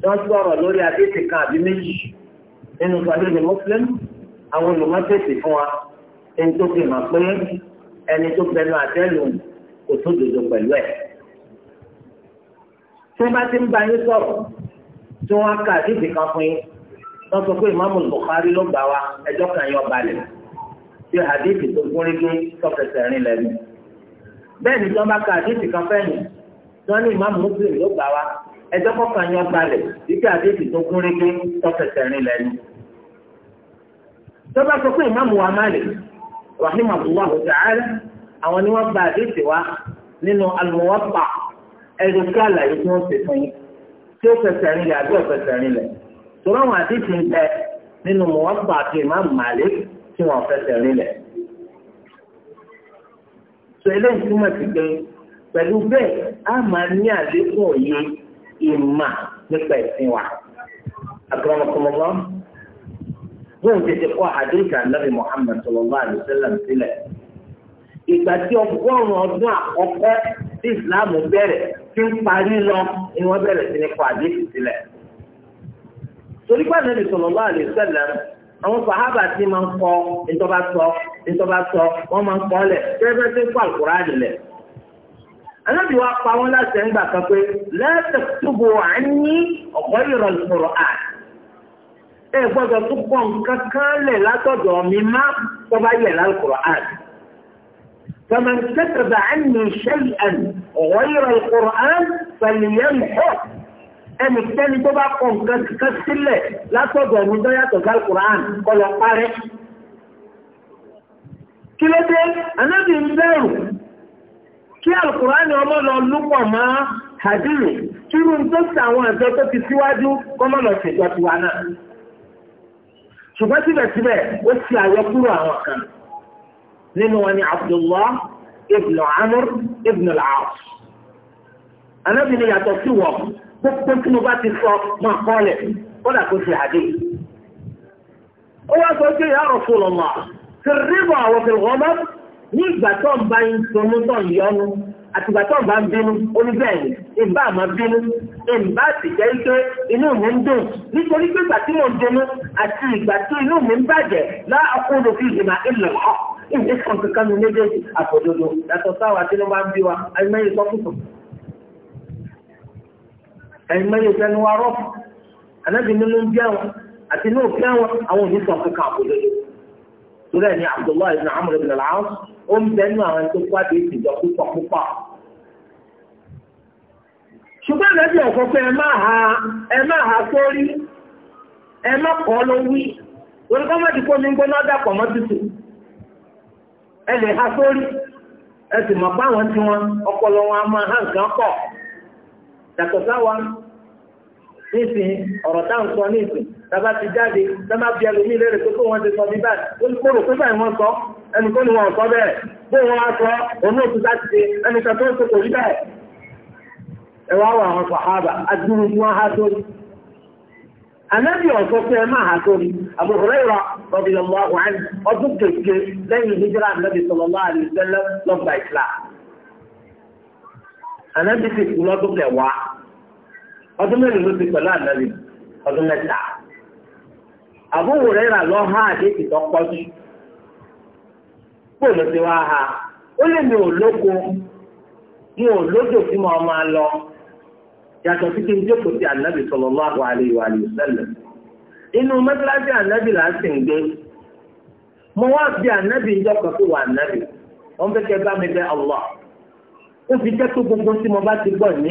tí wọ́n sọ̀rọ̀ lórí àdéhùn kan àbí méjì nínú Sahih Muslim àwọn olùmọ̀tẹ̀sì fún wa ẹni tó fi hàn pé ẹni tó bẹnu àtẹ́lu kò tó dòdò pẹ̀lú ẹ̀. tí wọ́n bá ti ń ba yín sọ̀rọ̀ tí wọ́n á ka àdéhùn kan fún yín wọ́n sọ pé ìmáàmù Bukhari ló gbà wá ẹjọ́ kan yọ balẹ̀ tí àdéhùn tó gúnrégé tọ́kẹsẹ̀ bẹ́ẹ̀ ni tọ́ bá ka àdéhùn kan fẹ́ nì tọ́ ní ìmáàmù Muslim ló gbà wá ẹjọ́ kọkàn yọ gbalẹ̀ wípé àdéhùn tó gún régé tọ́fẹsẹ̀ rìn lẹ́nu. tọ́ bá sọ pé ìmáàmù wa má lè rahimahullahu ta'ala àwọn ni wọ́n gba àdéhùn wa nínú al-Muwatta ẹ̀rù kí àlàyé tí wọ́n ṣe fún yín tí ó fẹsẹ̀ rìn lẹ̀ àbí ọ̀fẹsẹ̀ rìn lẹ̀ tọ́lá àwọn àdéhùn bẹ nínú Muwatta àti ìmáàmù Malik tí wọ́n fẹsẹ̀ rìn lẹ̀ sọ eléyìí túmọ̀ sí pé pẹ̀lú bẹ́ẹ̀ a máa ní àlékún òye ìmà nípa ẹ̀sìn wa. àkàràmọ̀kọ̀mọ̀mọ́ bóun tètè kọ́ àdéhùn ànábì Muhammad sallallahu alaihi wasallam sílẹ̀. ìgbà tí ọgọ́rùn-ún ọdún àkọ́kọ́ tí ìsìláàmù bẹ̀rẹ̀ tí ń parí lọ ni wọ́n bẹ̀rẹ̀ sí ní kọ́ àdéhùn sílẹ̀. torí pé ànábì sallallahu alaihi wasallam àwọn sàhábà tí máa ń kọ ìtọ́ba sọ ìtọ́ba sọ wọ́n máa ń kọ́ lẹ̀ pẹ́ẹ́pẹ́ tí kọ́ àkùrá nílẹ̀. anábì wa pa wọn láti ẹ̀ ń gbà kan pé lẹ́sẹ̀ túbọ̀ à ń ní ọ̀pọ̀ ìrọ̀lù sọ̀rọ̀ à. ẹ gbọ́dọ̀ tún kọ́ nǹkan kan lẹ̀ látọ̀dọ̀ mi má tó bá yẹ lálùkùrọ̀ à. فمن كتب عني شيئا غير القرآن فليمحه ẹnikẹ́ni tó bá kọ nǹkan kankan sílẹ̀ látọ̀dọ̀ ẹ̀mí tó yàtọ̀ sí alukur'an kó lọ parẹ́. kí ló dé anábì ń bẹ̀rù kí alukur'an ọmọ lọ lúpọ̀ mọ́ hadiru kí irú tó ti àwọn àjọ tó ti síwájú kọ́mọ́ lọ ṣèjọ tiwa náà. ṣùgbọ́n síbẹ̀síbẹ̀ ó ti àyọkúrò àwọn kan nínú wọn ni Abdullah ibn Amr ibn al-As anábì ni yàtọ̀ sí wọn gbogbo tí mo bá ti sọ máa kọ́ lẹ̀ kódà kó fi àdé. ó wá sọ pé ya Rasulullah ti ríbọ̀ àwọn fi wọ́n mọ́ ní ìgbà tó ń bá ń sọmú tó ń yọnu àtìgbà tó ń bá ń bínú oníbẹ̀ẹ̀ni ìbá àmọ́ bínú ìbá sì jẹ́ pé inú mi ń dùn nítorí pé ìgbà tí mo ń dùnú àti ìgbà tí inú mi ń bàjẹ́ láàkúrò fi ìgbìmọ̀ ilẹ̀ ọ̀ ìdí kan kankan mi méjèèjì àfòdodo yàtọ̀ sáwà tí ló máa ń bí wa ayé mẹ́rin sọ́kùnkùn. ẹ̀yìn mẹ́rin ìfẹ́nu wa rọ́pù anábì nínú ń jẹ́ wọn àti inú òfin àwọn àwọn òní sọ kankan àbúrò lórí ẹni Abdullahi ibn Amr ibn al ó ń bẹ nínú àwọn tó kó àdé púpọ̀ púpọ̀ ṣùgbọ́n anábì ọ̀kọ́ pé ẹ má ha ẹ má sórí ẹ má kọ́ ló wí lórí kó mi ń gbóná dàpọ̀ mọ́ ha sórí ẹ sì nísìn ọ̀rọ̀ táwọn sọ nísìn tàbá ti jáde tàbá bí ẹlòmí lẹ́rẹ̀ tó kó wọn ti sọ bí báyìí ó ní kóró pé báyìí wọ́n sọ ẹni kó ni wọn sọ bẹ́ẹ̀ bó wọn á sọ òun náà tún láti ṣe ẹni kan tó ń sọ kò rí bẹ́ẹ̀. ẹ wá wà àwọn sàhábà adúrú ni wọ́n há sórí. Ànábì ọ̀sọ́ pé ẹ máa há sórí Abu Huraira radiyallahu ọdún mẹ́rin ló ti pẹ̀lú ànábì ọdún mẹ́ta àbúrò rẹ̀ rà lọ ha àdéhùn tó pọ̀ jù bóòlù ti wá ha ó lè mi ò lóko lọ yàtọ̀ sí kí n jókòó sí ànábì inú mẹ́tíláṣí ànábì là ń sìn gbé mo wà ànábì wọ́n fẹ́ kẹ́ bá mi bẹ́ ó fi jẹ́ gbogbo tí mo bá ti gbọ́ ní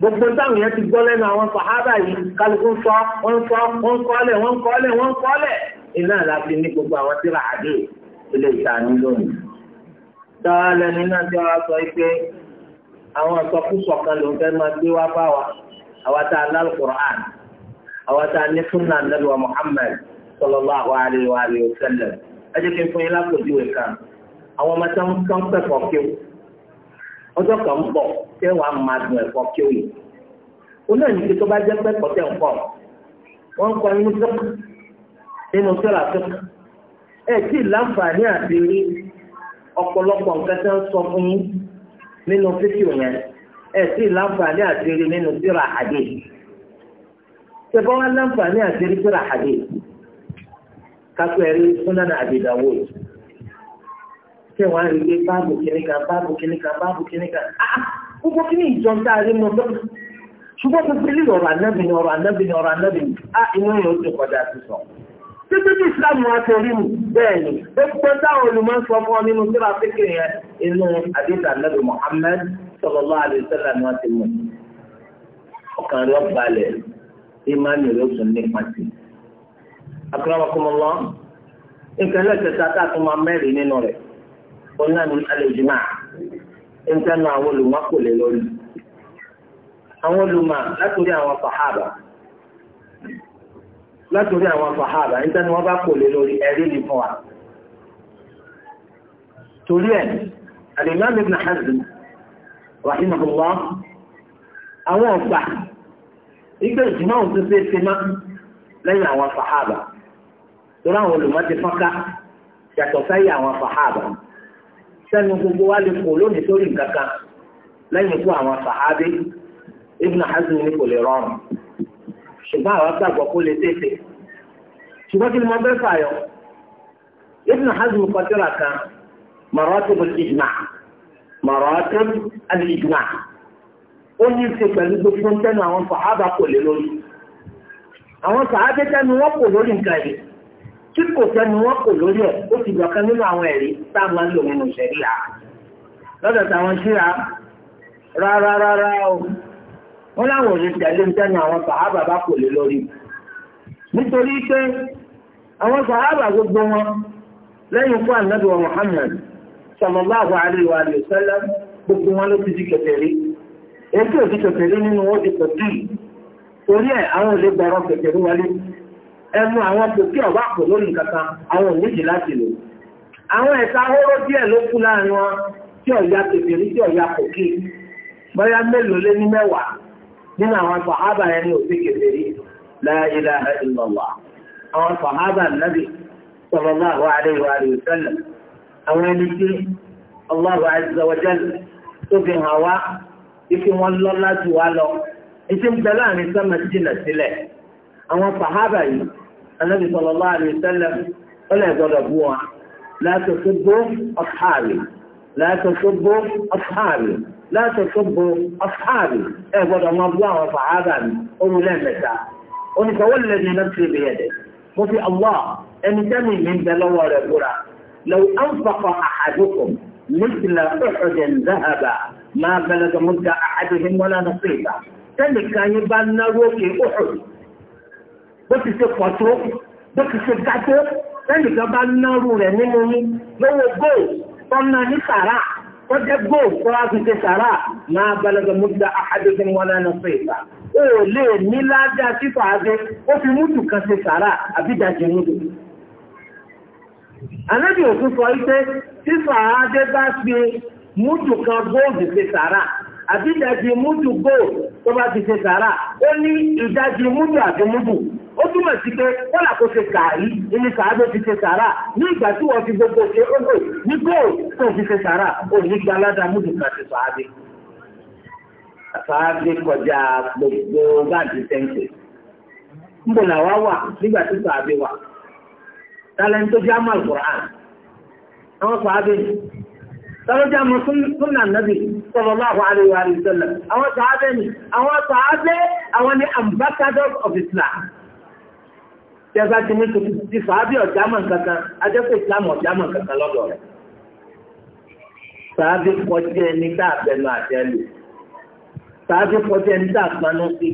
gbogbo táwọn yẹn ti gbọ́ lẹ́nu àwọn sàhábà yìí kálukú ń sọ wọ́n ń sọ wọ́n ń kọ́lẹ̀ wọ́n ń kọ́lẹ̀ wọ́n ń kọ́lẹ̀ iná láti ní gbogbo àwọn tíra àdé ilé ìta ní lónìí. tọ́lẹ̀ nínú àti ọ̀rọ̀ sọ pé àwọn ìsọkúsọ kan ló ń fẹ́ máa gbé wá bá wa àwa tá a lálùkùrán àwa tá a ní súnà nàbí wa Muhammad sallallahu alaihi wa sallam ẹ jẹ́ kí n fún yín lápòjúwe ọjọ́ kan ń bọ̀ tẹ́ wàá máa dùn ẹ̀kọ́ kí ó yìí ó náà ní pé bá jẹ́ pé ẹ̀kọ́ ń pọ̀ wọ́n kọ́ inú sọ́k nínú sọ́là sọ́k ẹ̀ tí láǹfààní àti rí ọ̀pọ̀lọpọ̀ nǹkan tẹ́ ń sọ fún yín nínú fífi yẹn ẹ̀ tí láǹfààní àti rí nínú síra àdé ṣẹ̀fọ́n wá láǹfààní àti rí síra àdé kápẹ́ rí súnánà àbìdàwọ̀ yìí tẹ̀wá ah, ah, rí pé báàbù kìnníkà báàbù kìnníkà báàbù kìnníkà gbogbo kí ni ìjọ tá a rí mọ bẹ́ẹ̀ ṣùgbọ́n mo fi lílọ ọ̀rọ̀ anábì ni ọ̀rọ̀ anábì ni ọ̀rọ̀ anábì ni a ah, inú yóò ti kọjá sí sọ. títí tí ìsìlámù wa ti rí mi bẹ́ẹ̀ ni gbogbo táwọn olùmọ̀ fún ọ nínú síra fíkì yẹn inú àdéhùn anábì Muhammad sallallahu alaihi ni wọ́n ti mú. ọkàn rẹ̀ balẹ̀ ìmánì rẹ̀ onílẹ̀ ní alẹ́jìmá ẹ̀ńtẹ́nu àwọn olùmọ̀ kò lè lórí. àwọn olùmọ̀ látòrí àwọn sàhábà látòrí àwọn sàhábà ẹ̀ńtẹ́nu wọn bá kò lè lórí ẹ̀rí ni fún wa. torí ẹ̀ al-Imam Ibn Hazm rahimahullah àwọn ọ̀gbà ìgbẹ́ ìjìmọ̀ òun tó ṣe é ṣe má àwọn sàhábà torí àwọn olùmọ̀ ti fọ́nká yàtọ̀ sáyé àwọn sàhábà sẹ́nu gbogbo wa lè kó lónìí sórí nǹkan kan lẹ́yìn ikú àwọn sàhábé Ibn Hazm ní kò lè rọrùn ṣùgbọ́n àwọn gbàgbọ́ kó lè tètè ṣùgbọ́n kí ni mo bẹ́ fàyọ Ibn Hazm kọtíra kan maratib al-ijma' maratib al-ijma' ó ní í ṣe pẹ̀lú gbogbo sẹ́nu àwọn sàhábà kò lè lórí àwọn sàhábé sẹ́nu wọ́n kò lórí nǹkan tí kò sẹ́ni wọ́n kò lórí ẹ̀ ó ti gbọ̀kan nínú àwọn ẹ̀rí tá a máa ń lò nínú ìṣẹ̀ríà lọ́dọ̀ táwọn ṣíra rárá rárá o wọ́n láwọn òní tẹ̀lé ń tẹ́nu àwọn sàhábà bá kò lé lórí nítorí pé àwọn sàhábà gbogbo wọn lẹ́yìn fún ànábì wa Muhammad sallallahu alaihi wa sallam gbogbo wọn ló ti di kèfèrí èyí tí ò ti kèfèrí nínú wọn ti pọ̀ bíi torí Enu àwọn pòkí ọ̀bá pò lórí kankan àwọn òníjì láti lò àwọn ẹ̀ka hóró díẹ̀ ló kú láàrin wọn tí ọ̀ya kékeré tí ọ̀ya pòkí bóyá mélòó lé ní mẹ́wàá nínú àwọn sàhábà yẹn ní òfin kékeré la ilaha àwọn sàhábà nàbì sallallahu alaihi wa àwọn ẹni tí Allahu azza tó fi hàn wá ikú wọn lọ láàrin àwọn yìí anábì sallallahu alaihi wasallam ó lè gbọ́dọ̀ bú wa la tasubbu ashabi la tasubbu ashabi la tasubbu ashabi ẹ gbọ́dọ̀ máa bú àwọn fàábà mi ó mú lẹ́ẹ̀mẹ́ta ó ní sọ́wọ́ lẹ́ni nafsi biyadihi mo fi Allah ẹni jẹ́mi mi ń bẹ lọ́wọ́ rẹ̀ búra law anfaqa ahadukum mithla uhudin dhahaba ma balaga mudda ahadihim wala nasiba tẹ́nìkan yín bá náwó kí ó bó ti ṣe pọ̀ tó bó ti ṣe ga tó lẹ́yìn tó bá nárú rẹ̀ nínú yín lọ́wọ́ gold tó ná ní sàrà tó jẹ́ gold tó wá fi ṣe sàrà máa balẹ̀gbẹ̀ mú da àhàdégbé wọn lẹ́nu fún ìgbà ó lè ní ládàá títà àgbẹ̀ ó fi múdù kan ṣe sàrà àbídàjẹ́ múdù. Àlébì òkun sọ wípé fífà adé bá fi múdù kan góòlù ṣe sàrà àbí ìdajì múdù góòlù tó bá ti ṣe sàrà ó ní ìdajì múdù àti múdù ó túmọ̀ sí pé kọ́là kó ṣe kàárí ilé sàádó ti ṣe sàárà ní ìgbà tí wọ́n fi gbogbo ṣe ógò ní góòlù tó fi ṣe sàárà ó ní gba aládàá múdù kan ti sàádé. sàádé kọjá gbogbo báńkì tẹ́ǹtì níbo làwa wà nígbà tí sàádé wà tálẹ́ńtò jámà al-Qur'an àwọn sàádé tọ́lọ́jà mọ̀ súnnà nàbì sallallahu alaihi wa sallam àwọn sàádé ni àwọn sàádé àwọn ni ambassadors of Islam tẹ́sà ti mú tuntun ti sàábì ọ̀jámọ̀ kankan ajẹ́pẹ̀ islam ọ̀jámọ̀ kankan lọ́dọ̀ rẹ̀ sàábì kọjá ẹni tá a bẹnu àtẹ́lù sàábì kọjá ẹni tá a gbanú sí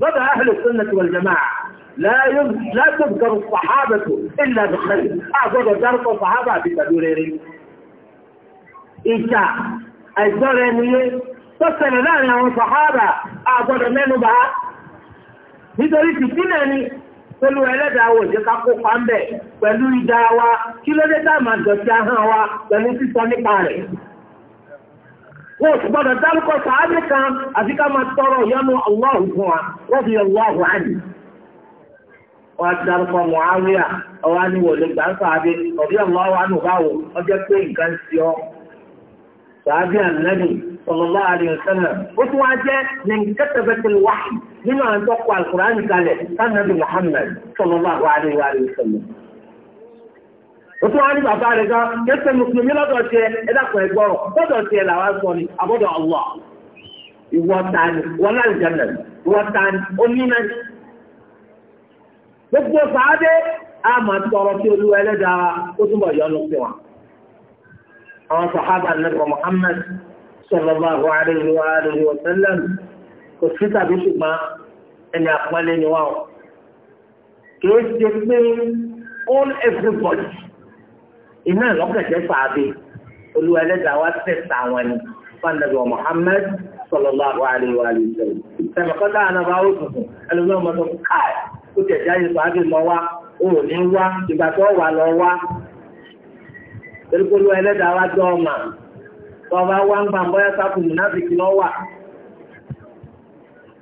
lọ́dọ̀ ahlu sunnati wal jamaa la yuzkaru sahabatu illa bi khair àgọ́dọ̀ dárúkọ sàhábà àti pẹ̀lú ìjà àìsọ́rọ̀ ẹni yé tó láàrin àwọn sàhábà àgọ́dọ̀ mẹ́nu nítorí tìtínà ni pẹ̀lú ẹlẹ́dàá wò jẹ́ pẹ̀lú ìdá wa kí ló dé tá máa dọ̀tí ahọ́n wa pẹ̀lú sísọ nípa rẹ̀. Wọ́n ti gbọ́dọ̀ dárúkọ kan ká tọrọ ìyọ́nú Allahu fún wa, wọ́n fi Allahu àdì. Wọ́n ti dárúkọ ọ̀bí sallallahu alaihi wasallam ó tún wá jẹ́ nìkẹ́tẹ̀bẹ̀tẹ̀ wáyé nínú àwọn tó kọ àlùkùránì kalẹ̀ sanabi Muhammad sallallahu alaihi wasallam ó tún wá ní bàbá rẹ̀ gan kẹ́sẹ̀ mùsùlùmí lọ́dọ̀ tiẹ̀ ẹ̀dàpọ̀ ẹ̀gbọ́rọ̀ lọ́dọ̀ tiẹ̀ làwọn sọ ni àbọ̀dọ̀ Allah ìwọ tani wọn náà jẹ́nà ìwọ tani sallallahu alaihi wa alihi wa sallam kò sí tàbí ṣùgbọ́n ẹni àpọ́nlé ni wọ́n kìí ṣe pé all everybody iná lọ́kẹ̀kẹ́ fàábì olú ẹlẹ́dàá wá tẹ̀sà wọn ni fanabi wa Muhammad sallallahu alaihi wa alihi wa sallam sẹ̀mẹ̀kọ́ dáhà náà bá ó tuntun ẹlòmíràn mọ́tò káì ó tẹ̀ jáde fàábì bọ́ọ̀bá wá ń gbà bọ́yá sáàkù mùnáfíkì lọ wà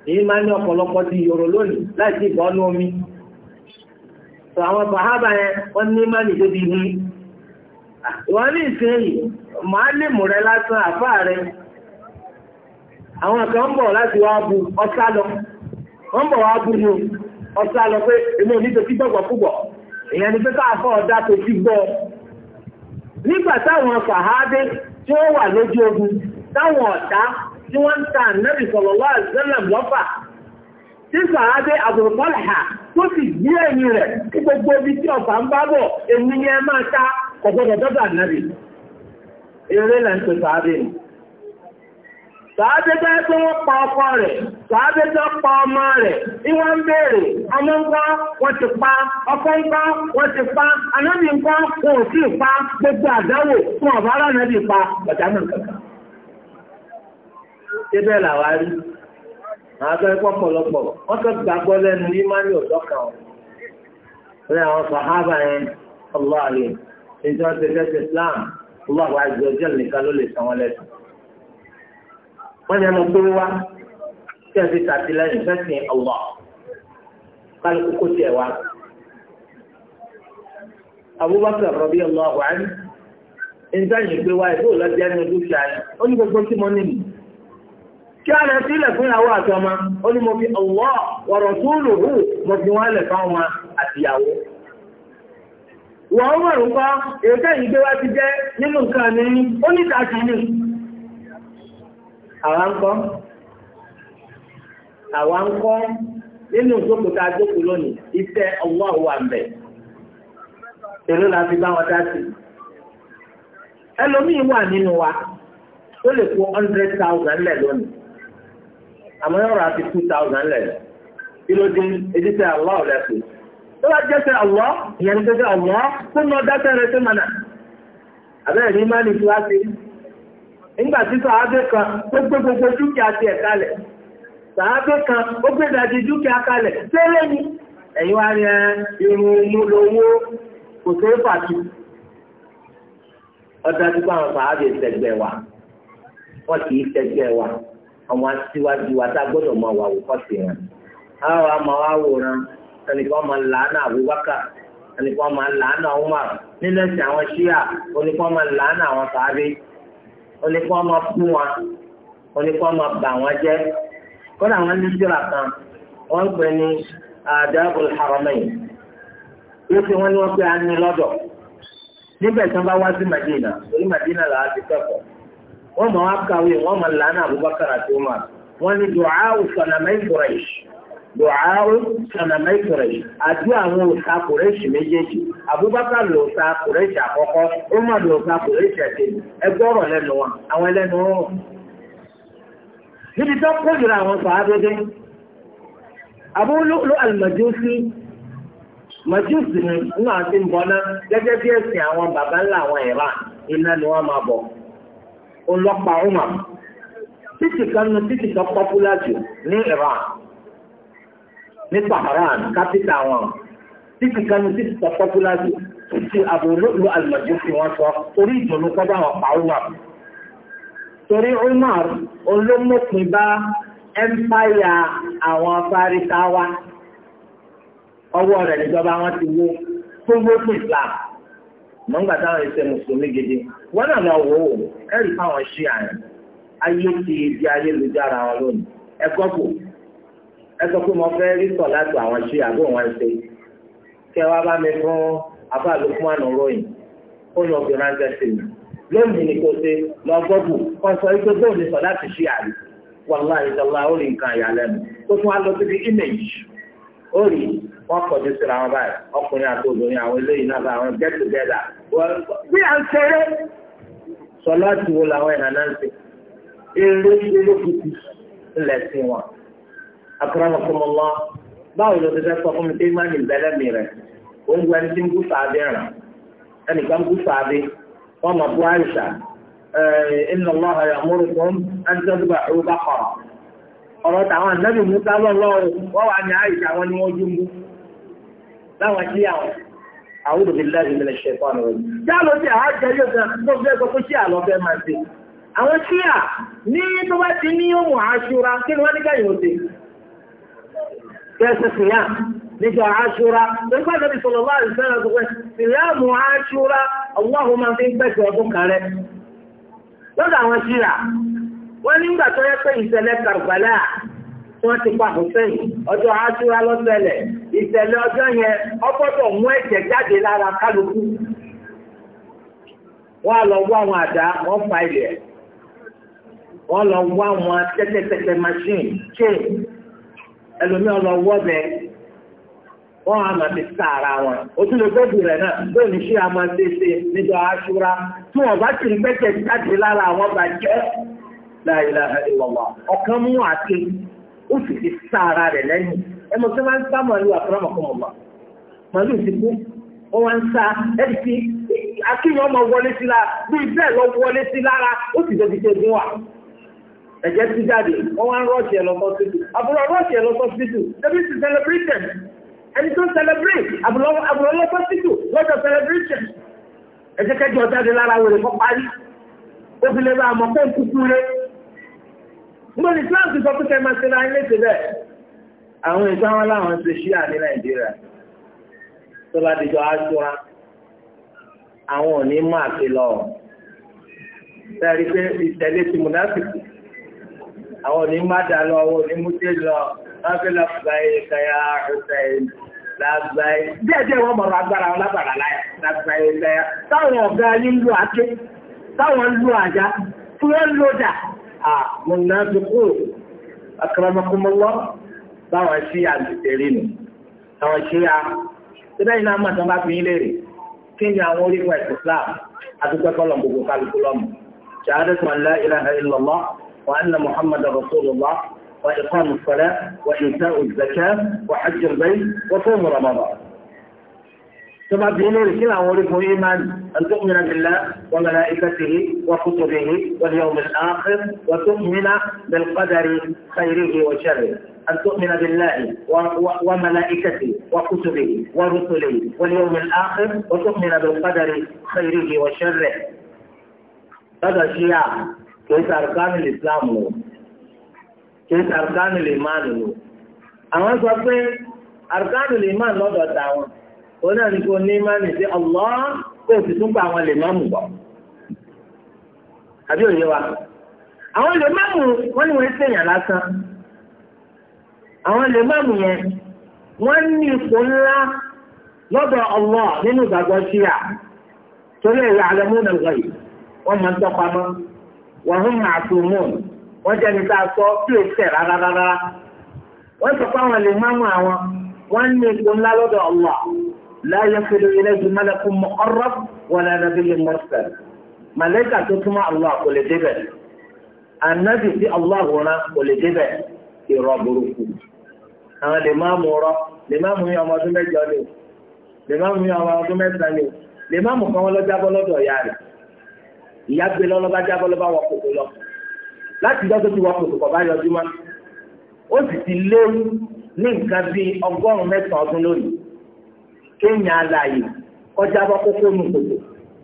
èyí máa ní ọ̀pọ̀lọpọ̀ ti yòrò lónìí láti ìbọnú omi tó àwọn sàhábà yẹn wọ́n ní má nìjó di ní ìwọ́n ní ìsinyìí lè mú rẹ lásán rẹ àwọn kan ń bọ̀ láti wá bu ọ̀sá lọ wọ́n bọ̀ wá bu ní ọ̀sá lọ pé èmi ò ní tó fi gbọ̀gbọ̀ púpọ̀ ni pé tó gbọ́ nígbà tí ó wà lójú ogun táwọn ọ̀tá tí wọ́n ń ta ànábì sallallahu alaihi wasallam lọ́fà tí sàádé àbùrùkọ́lá tó sì gbé ẹ̀yìn rẹ̀ kí gbogbo ibi tí ọ̀fà ń bọ̀ èmi ni ẹ máa ta ọ̀gbọ́dọ̀ dọ́dọ̀ eré Sàádẹ́jẹ́ pé wọ́n pa ọkọ rẹ̀, sàádẹ́jẹ́ pa ọmọ rẹ̀, ìwọ́n ń bèèrè, ọmọ ń kọ́, wọ́n ti pa, ọkọ ń kọ́, wọ́n ti pa, anábì ń kọ́, wọn ò sí pa, gbogbo àdáwò fún ọ̀bá aláàbì pa, bàtà náà kankan. Ṣé bẹ́ẹ̀ làwa rí? Àwọn akẹ́kọ̀ọ́ ọ̀pọ̀lọpọ̀, wọ́n kẹ́ gbàgbọ́ lẹ́nu yí máa ń ní ọ̀dọ́ kan. Rẹ̀ àwọn sàhábà yẹn, ọlọ́ àlè, ìjọ wọ́n ní ẹnu gbówó wá tí ẹ fi ṣàtìlẹ́yìn fẹ́sìn ọ̀wọ́ kálukú kó tiẹ̀ wá. Abubakar radiyallahu anhu ìdáyìn gbé wá ìbò lọ́jọ́ ẹnu dúkìá yìí ó ní gbogbo tí mo ní nì. kí a lè sílẹ̀ fún ìyàwó àtọmọ ó ní mo fi Allah wa rasuluhu mo fi wọ́n lẹ̀ fáwọn àtìyàwó. wọ́n mọ̀rún kọ́ èyí tẹ́yìn gbé ti jẹ́ nínú nǹkan ní ó ní ìtàkì ní. àwọn nkọ kọ́ àwa kọ́ nínú ìjókòó jókòó lónìí iṣẹ́ ọwọ́ àwọn àmbẹ̀ la fi bá wọn dá sí ẹlòmíín wà nínú wa ó lè kó hundred thousand lẹ̀ lónìí àmọ́ yọ̀rọ̀ àti two thousand lẹ̀ lọ ìlòdì ìdíṣẹ́ àlọ́ tó bá jẹ́sẹ̀ ìyẹn ní nígbàtí sàábẹ́ kan ó gbé gbogbo dúkìá ti ẹ̀ kalẹ̀ kan ó gbé dàjí dúkìá kalẹ̀ tẹ́lẹ̀ ni ẹ̀yìn wá ní irun múlòwó kò tó fàtú ọ̀dà tí báwọn sàábẹ́ wa wọ́n kì í wa àwọn aṣíwájú wa tá gbọ́dọ̀ mọ àwọn àwòkọ́sí wọn àwọn àmọ́ àwòrán ẹnìkan máa ń làánà àbúbákà ẹnìkan máa ń làánà Umar nínú ẹ̀sìn àwọn ṣíà oníkan máa ń làánà àwọn sàábẹ́ wọ́n lè kó ọmọ fún wa wọ́n lè kó ọmọ bà wọ́n jẹ́ kódà wọ́n ní síra kan wọ́n pè ní Adabul Haramain yóò fi wọ́n ní wọ́n pé a ní lọ́dọ̀ níbẹ̀ tí wọ́n bá wá sí Madina orí Madina làá ti kẹ́kọ̀ọ́ wọ́n mọ̀ wá kàwé wọ́n mọ̀ lánàá Abubakar àti Umar wọ́n ní dùn áwù sọ̀nàmẹ́ Quraish dùcáwó sànàmẹ́ kùrẹ́ṣì àti àwọn òòṣà kùrẹ́ṣì méjèèjì Abubakar ló sa kùrẹ́ṣì àkọ́kọ́ Umar ló sa kùrẹ́ṣì ẹ̀kejì ẹgbọ́rọ̀ lẹ́nu wọn àwọn ẹlẹ́nu wọn. níbi tó kójúra àwọn sàádédé Abu Lu'lu al-Majusi Majusi ni ńlá ti ń bọ́ná gẹ́gẹ́ bí ẹ̀sìn àwọn baba ńlá àwọn ìrà iná ni wọ́n máa bọ̀ ọlọ́pàá Umar títì kan nu títì kan pọ́púlà jù ní Iran ní Sahara kápítà wọn títí kan ní títí pọ́pọ́pọ́lá jù títí àbúrò àlùmọ̀jù fi wọ́n sọ torí ìdùnnú kọ́dá wọn pa Umar torí Umar olómọ́pin bá ẹ́mpáyà àwọn afárísáwá ọwọ́ rẹ̀ níjọba wọn ti wó fún gbogbo Islam mọ̀ngbà táwọn ẹsẹ̀ mùsùlùmí gidi wọn náà lọ wò ó ẹ̀rí fáwọn ṣí àyàn ayé ti di ayélujára wọn lónìí ẹ̀kọ́ kò ẹ sọ pé mo fẹ́ rí sọ láti àwọn ṣí àbó wọn ṣe kẹ wá bá mi fún abáàlùkún àná ròyìn ó lọ fi ránṣẹ́ sí mi lónìí ni kò ṣe lọ gbọ́dù wọn sọ wípé bóun ni sọ láti ṣí àrí wàhálà ìjọba ó rí nǹkan ìyàlẹ́nu ó tún wá lọ síbi image ó rí wọn kọjú síra wọn báyìí ọkùnrin àti obìnrin àwọn eléyìí náà bá wọn get together bí à ń ṣeré sọ láti wo làwọn ìhànà ń ṣe eré olókùtì ńlẹ̀ sí wọn akramakumullah báwo ló ti fẹ́ sọ fún mi pé má ní ìbẹ́lẹ́ mi rẹ̀ ó ń gbani tí ń gúfà abẹ ràn ẹnìkan gúfà abẹ wọn mọ̀ bú àyíṣà inna Allaha ya'murukum an tadhbahu baqara ọ̀rọ̀ táwọn ànábì Musa lọ́lọ́ wọ́n wà ní àyíṣà wọn ni wọ́n júmbú láwọn tí àwọn a'udhu billahi minash shaitani rajim. dáàlọ́ sí àwọn àjẹ́ kan tó fẹ́ sọ pé sí àlọ́ fẹ́ máa tẹ́sí síyàm níjọ aṣúra nígbà tẹ́bí sọ̀lọ́lá ìṣẹ́lẹ̀ tó pẹ́ síyàmù aṣúra ọwọ́ máa fi ń pẹ̀sẹ̀ ọdún kan rẹ̀ lọ́dọ̀ àwọn ṣíra wọ́n nígbà tó yẹ pé ìṣẹ̀lẹ̀ wọ́n ti pa Hussein ọjọ́ aṣúra lọ́sẹ̀lẹ̀ ìṣẹ̀lẹ̀ ọjọ́ yẹn ọgbọ́dọ̀ mú ẹ̀jẹ̀ jáde lára kálukú wọ́n lọ àwọn àdá wọ́n fa ilẹ̀ wọ́n lọ àwọn tẹ́tẹ́tẹ́tẹ́ ẹlòmí ọlọ wọbẹ wọn á máa fi ká ara wọn o tún lè gbẹdù rẹ náà bẹ́ẹ̀ ní ṣé a máa ṣe ṣe níjọ aṣúra tí wọn bá ti gbẹkẹ jáde lára àwọn bàjẹ́ láìla ìwọwọ ọkàn mú àti ó sì fi ká ara rẹ lẹ́yìn ẹ mọ sọ máa ń sá màlúù àfọlọmọkọmọmọ màlúù ti kú ó wá ń sá ẹni tí akéwọn máa wọlé sí lára bí bẹ́ẹ̀ lọ wọlé sí lára ó sì dẹbi tẹgún wa ẹ̀jẹ̀ ti jáde wọ́n wá ń rọ́ọ̀ṣì ẹ̀ lọ sọ́sibítù àbúrò rọ́ọ̀ṣì ẹ̀ lọ sọ́sibítù david ti celebrated ẹni tó celebrate àbúrò lọ sọ́sibítù lọ́jọ́ celebration ẹ̀jẹ̀ kẹjọ jáde lára wèrè kọ́ parí ó fi lè bá àmọ́ pé ń kúkú rẹ̀ gbọ́n ní Islam ti sọ pé kẹ́ẹ́ máa ṣe láyé léṣe bẹ́ẹ̀ àwọn ètò àwọn aláwọn ṣe ṣíà ní Nàìjíríà tó bá dìjọ aṣọra àwọn ò ní máa fi lọ sẹ́ẹ̀rí pé ìtẹ̀lé ti mùnáfìkì àwọn òní má dà lọ àwọn òní múté lọ lábẹ́ làgbáyé kẹyà Hussein lágbáyé díẹ̀ díẹ̀ wọ́n mọ̀rọ̀ agbára wọn lábàrà láyà lágbáyé kẹyà táwọn ọ̀gá yín lu àké táwọn lu àjá tí wọ́n lu dà àmúnáfikù akramakumullah báwọn ṣí àgbẹ̀tẹ̀rì nù àwọn ṣí à síbẹ̀ yìí náà mọ̀ tán bá fi yín léèrè kí ni àwọn orígun Islam àti pẹ́kọ́ lọ́n gbogbo kálukú lọ́mù ṣàádẹ́sùn la وأن محمد رسول الله وإقام الصلاة وإنساء الزكاة وحج البيت وصوم رمضان ثم دينه كلا ورثه إيمان أن تؤمن بالله وملائكته وكتبه واليوم الآخر وتؤمن بالقدر خيره وشره أن تؤمن بالله وملائكته وكتبه ورسله واليوم الآخر وتؤمن بالقدر خيره وشره هذا شيعة kìí sàrùkánì lè islam o kìí sàrùkánì lè imáàlù o àwọn sọ pé àrùkánì lè imáàlù lọ́dọ̀ tàwọn òun náà ní kò ní imáàlù sí Allah kó o sì tún pa àwọn lè má mú bọ̀ àbí òye wa àwọn lè má mú wọn ni wọn ṣèyàn lásán àwọn lè má mú yẹn wọn ní ipò ńlá lọ́dọ̀ Allah nínú ìgbàgbọ́ síyà torí ẹ̀yà àlẹ́ múnà gbọ̀yì wọ́n máa ń tọ́pamọ́ wàhùn àtúmọ̀ wọ́n jẹ́ ní sáà sọ tí ó tẹ̀ rárá rárá wọ́n sọ fáwọn lè máa mú àwọn wọ́n ní ipò ńlá lọ́dọ̀ Allah la yafilu ilayhi malakun muqarrab wala nabiyyun mursal màlẹ́kà tó túmọ̀ Allah kò lè débẹ̀ ànábì tí Allah wòran kò lè débẹ̀ ìrọ̀ burúkú àwọn lè máa mú rọ lè máa mú ọmọ ọdún mẹ́jọ ni lè máa mú ọmọ ọdún mẹ́ta ni lè máa mú kọ́wọ́ ìyá gbé lọ lọ́ba jábọ́ lọ́ba wọ kòtò lọ láti dọ́tò ti wọ kòtò kọ̀ọ̀bá yọjú mọ́ ó sì ti léwu ní nǹkan bíi ọgọ́rùn-ún mẹ́sàn-án ọdún lónìí kéèyàn alààyè kọjá bọ́ kókó nu kòtò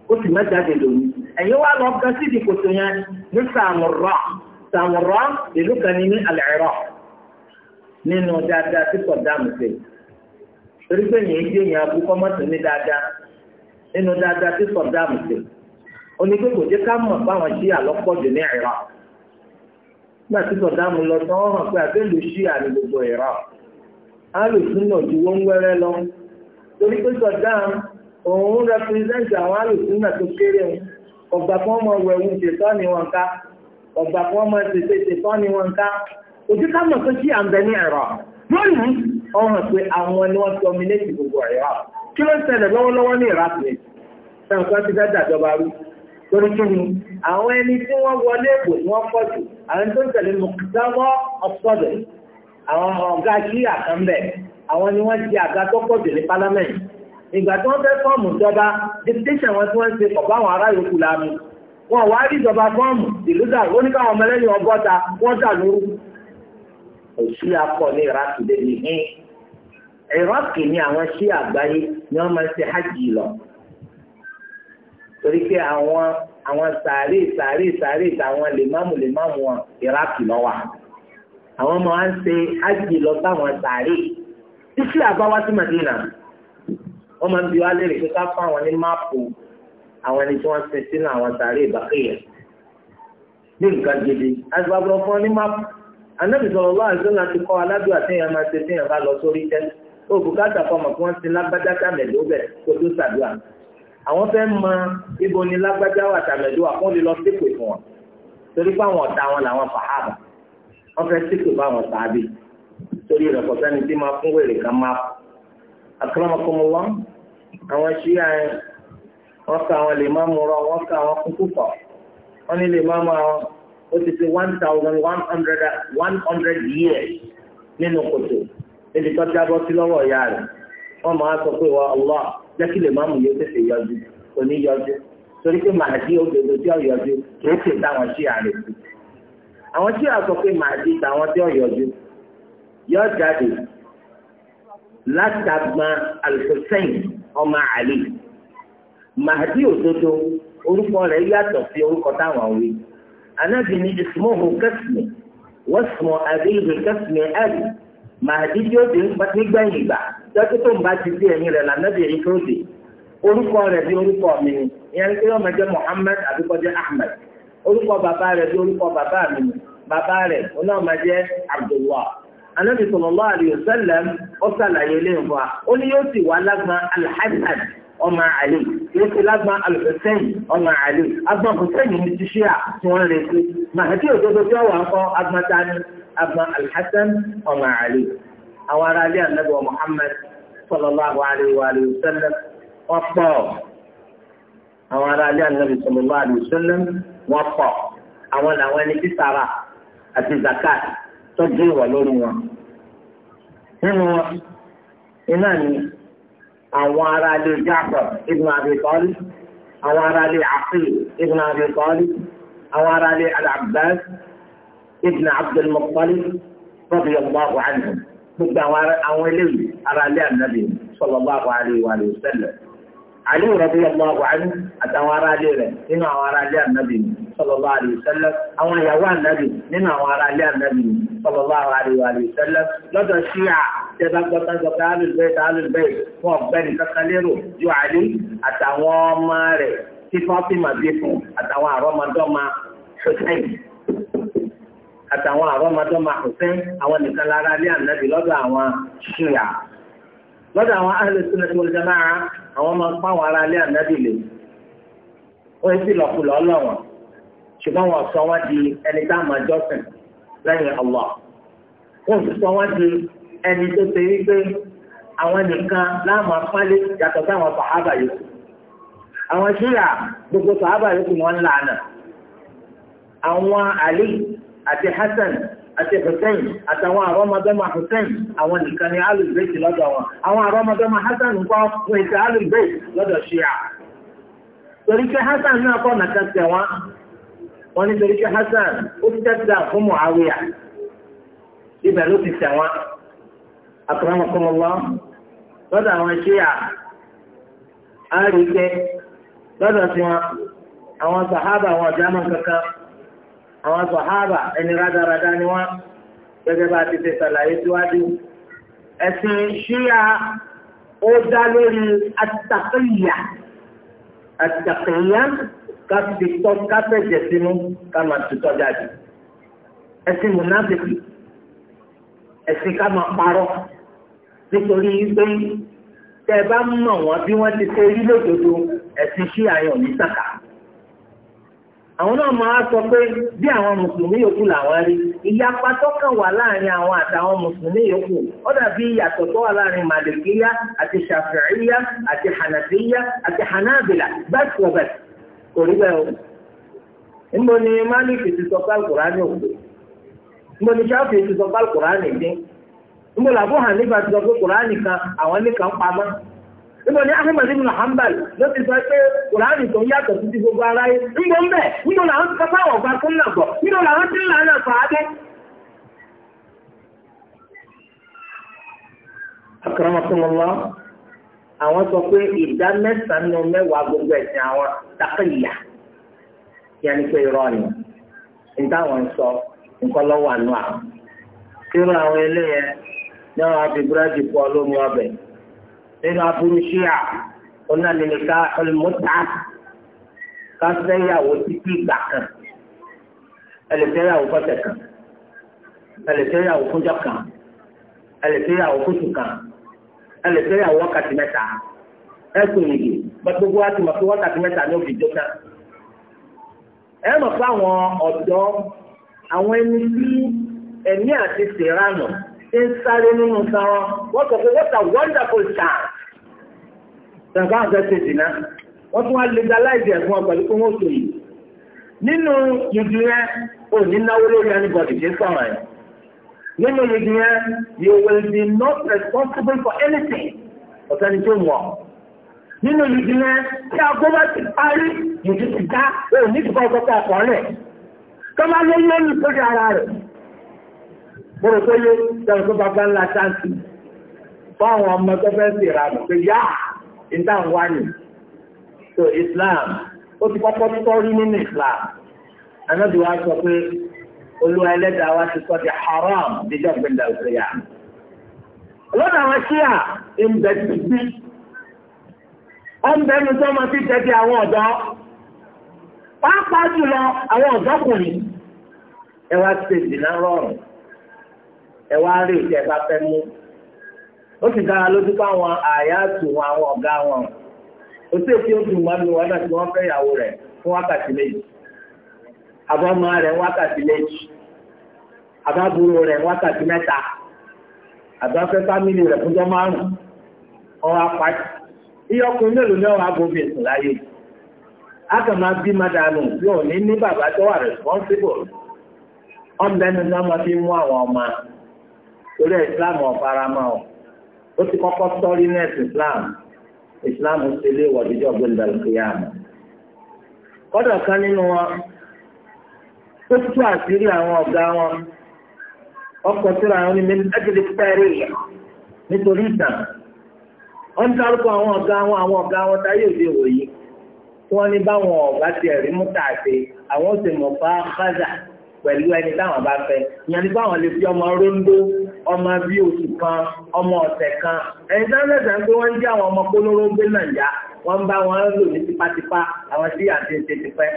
ó sì má jáde lónìí ẹ̀yin wá lọ gan síbi kòtò yẹn ní Samura Samura ìlú kan ní ní Al-Iraq nínú dáadáa tí kò dáàmú sí torí pé yẹn ń gbé yẹn abúkọ́ mọ́tò ní dáadáa nínú dáadáa tí kò dáàmú sí onígbé kò jẹ́ ká mọ̀ báwọn ṣí àlọ́pọ̀jù ní ìrà nígbà tí sọ̀dáàmù lọ tán wọ́n hàn pé àbẹ́lù ṣí àní gbogbo ìrà alùsùn náà ju wọ́n wẹ́rẹ́ lọ torí pé sọ̀dáàmù òun rẹpírẹ́sẹ̀ntì àwọn alùsùn náà tó kéré ọgbà kan ọmọ wẹ̀wù ṣètọ́ ni wọn ká ọgbà kan ọmọ ṣètè ṣètọ́ ni wọn ká ojú ká mọ̀ pé ṣí àǹbẹ̀ ní ìrà lónìí ọ̀hún pé àwọn ni wọ́n dominate gbogbo ìrà kí ló ń ṣẹlẹ̀ lọ́wọ́lọ́wọ́ ní ìrà pé sàǹkan ti fẹ́ dàjọba rú torí kí ni àwọn ẹni tí wọ́n wọlé èpò ni wọ́n pọ̀ jù àwọn tó ń tẹ̀lé mọ̀kítàwọ́ ọ̀pọ̀dọ̀ àwọn ọ̀gá kí àkànbẹ̀ àwọn ni wọ́n ti àga tó pọ̀ jù ní pálámẹ́ǹtì ìgbà tí wọ́n fẹ́ fọ́ọ̀mù ìjọba dictation wọn tí wọ́n ń ṣe pọ̀ báwọn ará yòókù láàmú wọn wá rí ìjọba fọ́ọ̀mù ìlú dà ó ní káwọn ọmọlẹ́yìn ọgọ́ta wọ́n dà lóru òṣì akọ ní iraq lè ní iraq ni àwọn ṣí àgbáyé ni wọ́n máa ń ṣe hajj lọ torí pé àwọn àwọn sàárè sàárè sàárè tàwọn lèmámù lèmámù wọn iraki lọ wà àwọn ọmọ wa ń ṣe ájì lọ sáwọn sàárè títí àbáwá sí Madina wọn máa ń bi wá lérè pé ká fún àwọn ní máàpù àwọn ẹni tí wọn ṣe sínú àwọn sàárè ìbákẹyẹ ní nǹkan gidi àgbàgbọ fún ọ ní máàpù anábì sọ̀rọ̀ lọ́wọ́ àìsàn láti kọ́ aládùn àtẹ̀yàn máa ṣe téèyàn bá lọ sórí tẹ́ òkú káàtà fọmọ kí wọ́n ti lágbájá tàmẹ̀lú àwọn fẹ́ mọ ibo ni lágbájá wà tàmẹ̀dó àkọ́ lè lọ sípè fún wọn torí pé àwọn ọ̀tá wọn làwọn fàhábà wọn fẹ́ sípè fún àwọn sàábì torí rẹ̀ kọ̀tà ni tí máa fún wèrè kan máa kú àkàràmọ́kọ́mọ́wá àwọn ṣíyà yẹn wọ́n ka àwọn lè máa mú rọ wọ́n ka àwọn kúkú pọ̀ wọ́n ní lè máa mú àwọn ó ti fi one thousand one hundred one hundred years nínú kòtò níbi tó dábọ́ sí lọ́wọ́ ìyá rẹ̀ wọ́n máa sọ pé wọ́n Allah jẹ́kí lè máàmù yóò tètè yọjú òní yọjú torí pé màdí òdodo tí ó yọjú kì í ṣe táwọn ṣí àrè sí. àwọn tí a sọ pé màdí táwọn tí ó yọjú yọ jáde látàgbọn alhussein ọmọ àlè màdí òdodo orúkọ rẹ̀ yàtọ̀ sí orúkọ táwọn wí anábìíní ismuhu kasmi wasmu abiyihi kasmi ali màdí tí ó dé nígbẹ̀yìn ìgbà tẹ́tí tó ń bá ti dé ẹ̀yìn rẹ̀ lànàbì èyí tó dé orúkọ rẹ̀ bí orúkọ mi ni ìyẹn pé ọmọ jẹ́ Muhammad àbíkọ́jẹ́ Ahmed orúkọ bàbá rẹ̀ bí orúkọ bàbá mi ni bàbá rẹ̀ oní ọmọ jẹ́ Abdullah anabi sallallahu alaihi wasallam ó lẹ́yìn fún wa ó ní yóò sì wá lágbọn alhassan ọmọ àlè lẹ́sẹ̀ lágbọ́n alùpùpẹ́yìn ọmọ àlè agbọ́n pùpẹ́yìn ní tíṣíà tí wọ́n retí màhàtí òdodo tí ọwọ́ akọ agbọ́ntà ni agbọ́n alhassan ọmọ àlè àwọn ará ilé ànábì wa muhammad sallallahu alayhi wa sallam wọ́n pọ̀ àwọn ará ilé ànábì sallallahu alayhi wa sallam wọ́n pọ̀ àwọn làwọn ẹni tí sara àti zakat tọ́jú ìwà lórí wọn nínú wọn iná ni àwọn ará ilé Jafar ibn Abi Talib àwọn ará ilé Aqil ibn Abi Talib àwọn ará ilé Al-Abbas ibn Abdul Muttalib radiyallahu gbogbo àwọn ilé yìí ilé Ànábì sallallahu alaihi wa sallam. Ali radiyallahu anhu àtàwọn ará ilé rẹ̀ nínú àwọn ará ilé ànábì ni sallallahu alaihi wasallam àwọn ìyàwó ànábì nínú àwọn ará ilé ànábì ni sallallahu alaihi wasallam lọ́dọ̀ ṣíà tẹ́bá gbọ́tàgbọ́tà alùbẹ́ẹ̀tà alùbẹ́ẹ̀ fún ọ̀gbẹ́ni kankan lérò ju àlè àtàwọn ọmọ rẹ̀ tí Fátímà bí fún àtàwọn àrọ́mọdọ́mọ Hussein àtàwọn àrọ́mọdọ́mọ Hussein àwọn nìkan lára ilé ànábì lọ́dọ̀ àwọn ṣíà lọ́dọ̀ àwọn ahlẹ̀ sínú ẹ̀mọ́ ìjọmáà àwọn máa ń pa àwọn ará ilé ànábì lè wọ́n ti lọ́kùlọ́ ọlọ́wọ́n ṣùgbọ́n wọ́n sọ wọ́n di ẹni tá a máa jọ́sìn lẹ́yìn Allah wọ́n sì sọ wọ́n di ẹni tó ṣe wípé àwọn nìkan láàmú apálé yàtọ̀ sáwọn sàhábà yòókù àwọn ṣíyà gbogbo sàhábà yòókù wọn lànà àwọn Ali àti Hasan àti Hussein àtàwọn àrọ́mọdọ́mọ Hussein àwọn nìkan ni alùbẹ́ẹ̀tì lọ́dọ̀ wọn àwọn àrọ́mọdọ́mọ Hassan nǹkan wọ́n èsì alùbẹ́ẹ̀tì lọ́dọ̀ ṣíà torí pé Hassan náà kọ́ nàkan tẹ̀ wọ́n ní torí pé Hassan ó ti tẹ́tẹ́ fún Muawiya ibẹ̀ ló ti lọ lọ́dọ̀ àwọn ṣíà a rí i pé lọ́dọ̀ tiwọn àwọn sàhábà àwọn sọ̀hábà ẹni rádaràdá ni wọ́n gẹ́gẹ́ bá ti ṣe ṣàlàyé síwájú. ẹ̀sìn ṣíyà ó dá lórí àtàkìyà àtàkìyà káfíńtì tọ́ káfẹ́jẹ̀ sínú ká máa tutọ́ jáde. ẹ̀sìn mùnáfíkì ẹ̀sìn ká parọ́ nítorí pé tẹ́ bá mọ̀ wọ́n bí wọ́n ti ṣe rí lódodo ẹ̀sìn ṣíyà yẹn ní sàkà. àwọn náà ma sọ pé bí àwọn mùsùlùmí yòókù làwọn rí ìyapa tó kàn wà láàrin àwọn àtàwọn mùsùlùmí yòókù ó dàbí ìyàtọ̀ tó wà láàrin màlìkíyà àti ṣàfíìyà àti hànàfíyà àti hànàbìlà bẹ́ẹ̀ kò rí bẹ́ẹ̀ o. níbo ni málìkì ti sọ pálkùrá ní òkú níbo ni ṣáfì ti sọ pálkùrá nìdín níbo làbúhàn nígbà tí sọ pé kùrá nígbà ní ahmed ibn hanbal ló ti sọ pé kùránì tó ń yàtọ̀ sí ti gbogbo ara yìí nígbà ń bẹ̀ nígbà làwọn ti kápá ọ̀gbà tó ń nà gbọ̀ nígbà làwọn ti àwọn sọ pé ìdá mẹ́sàn-án nínú mẹ́wàá gbogbo ẹ̀sìn àwọn yẹn pé irọ́ ni wọn sọ nǹkan lọ́wọ́ àánú àwọn. kí nínú aburú ṣíà ọ̀nà nìka ọ̀lùmọ́ta ká fẹ́yàwó títí ìgbà kan ẹlẹ́fẹ́yàwó fọ́tẹ̀ kan ẹlẹ́fẹ́yàwó fúnjọ́ kan ẹlẹ́fẹ́yàwó fúnṣù kan ẹlẹ́fẹ́yàwó wákàtí mẹ́ta ẹ̀sùn ìyè gbogbo wa ti mọ̀ pé wákàtí mẹ́ta ní òfin jókè ẹ mọ̀ pé àwọn ọ̀dọ́ àwọn ẹni tí ẹ̀mí àti sèrànù ń sáré nínú sáwọn wọ́n sọ pé what a wonderful chance ṣàbá àgbẹ̀ ṣe dìná wọ́n tún wá legalize ẹ̀ fún ọ pẹ̀lú pé wọ́n sọ yìí nínú ìdí yẹn ò ní náwó lórí anybody kì í sọ̀rọ̀ ẹ̀ nínú ìdí yẹn you will be not responsible for anything ọ̀sẹ̀ni tó mọ̀ nínú ìdí yẹn tí aago bá ti parí ìdí ti dá ò ní ìdíkọ̀ ọ̀kọ̀ọ̀kọ̀ ọ̀kọ̀ rẹ̀ tọ́lá ló lóyún sórí ara rẹ̀ bọ́rọ̀ tó yé tẹ̀lé tó bàbá ńlá ṣáǹtì fáwọn ọmọ tó fẹ́ sì rà pé yá ìta ń wá nì so Islam ó ti kọ́kọ́ tọ́rí nínú Islam anábì wa sọ pé olúwa ẹlẹ́dàá wa ti sọ di haram dídá gbẹ̀dà òkèèyà lọ́dọ̀ àwọn ṣíà ń bẹ tìbí ọ̀nbẹ ní sọ́mọ ti tẹ̀bi àwọn ọ̀dọ́ pàápàá jùlọ àwọn ọ̀dọ́kùnrin ẹ wá ṣe ìdìnnà rọrùn ẹ wá rí ìdí ẹ bá fẹ́ mú. ó sì dára lójú pé àwọn àyà tù wọn àwọn ọ̀gá wọn ó sì fi oṣù mọ́nu wọn náà tí wọ́n fẹ́ ìyàwó rẹ̀ fún wákàtí méjì àbọ̀mọ́ rẹ̀ wákàtí méjì àbábúrò rẹ̀ wákàtí mẹ́ta àbáfẹ́ fámìlì rẹ̀ fúnjọ́ márùn-ún ọwọ́ apáti iyọkùn mélòó náà wà bóbi ìsìn láyé akàmá bí madanu yóò ní ní bàbá tó wà responsible ọ̀bẹ́ni náà máa fi mú àwọn ọmọ torí islam ọ̀faramọ́ ọ̀ ó ti kọ́kọ́ sọ́rí nẹ́ẹ̀sì islam islam ti lé wọ̀díjọ́ gbẹ̀ndàlù kìyàmù. kọ́dà kan nínú wọn tó tú àṣírí àwọn ọ̀gá wọn ọkọ̀ tó ra àwọn onímọ̀ ẹ̀jẹ̀lẹ̀ pẹ́ẹ́rì nítorí ìtàn wọ́n dárúkọ àwọn ọ̀gá wọn àwọn ọ̀gá wọn táyé òde òòyì tí wọ́n ní báwọn ọ̀gá tiẹ̀ rí mú tààtì àwọn ó sì mọ̀ bá pẹ̀lú ẹni táwọn bá fẹ́ ìyẹn ní báwọn lè fi ọmọ róńdó ọmọ bí oṣù kan ọmọ ọ̀sẹ̀ kan ẹ̀yìn sáńdẹ̀sẹ̀ ń pé wọ́n ń jẹ́ àwọn ọmọ polówó gbé nàìjà wọ́n ń bá wọn lò ní tipátipá àwọn tí àti ń ṣe tipẹ́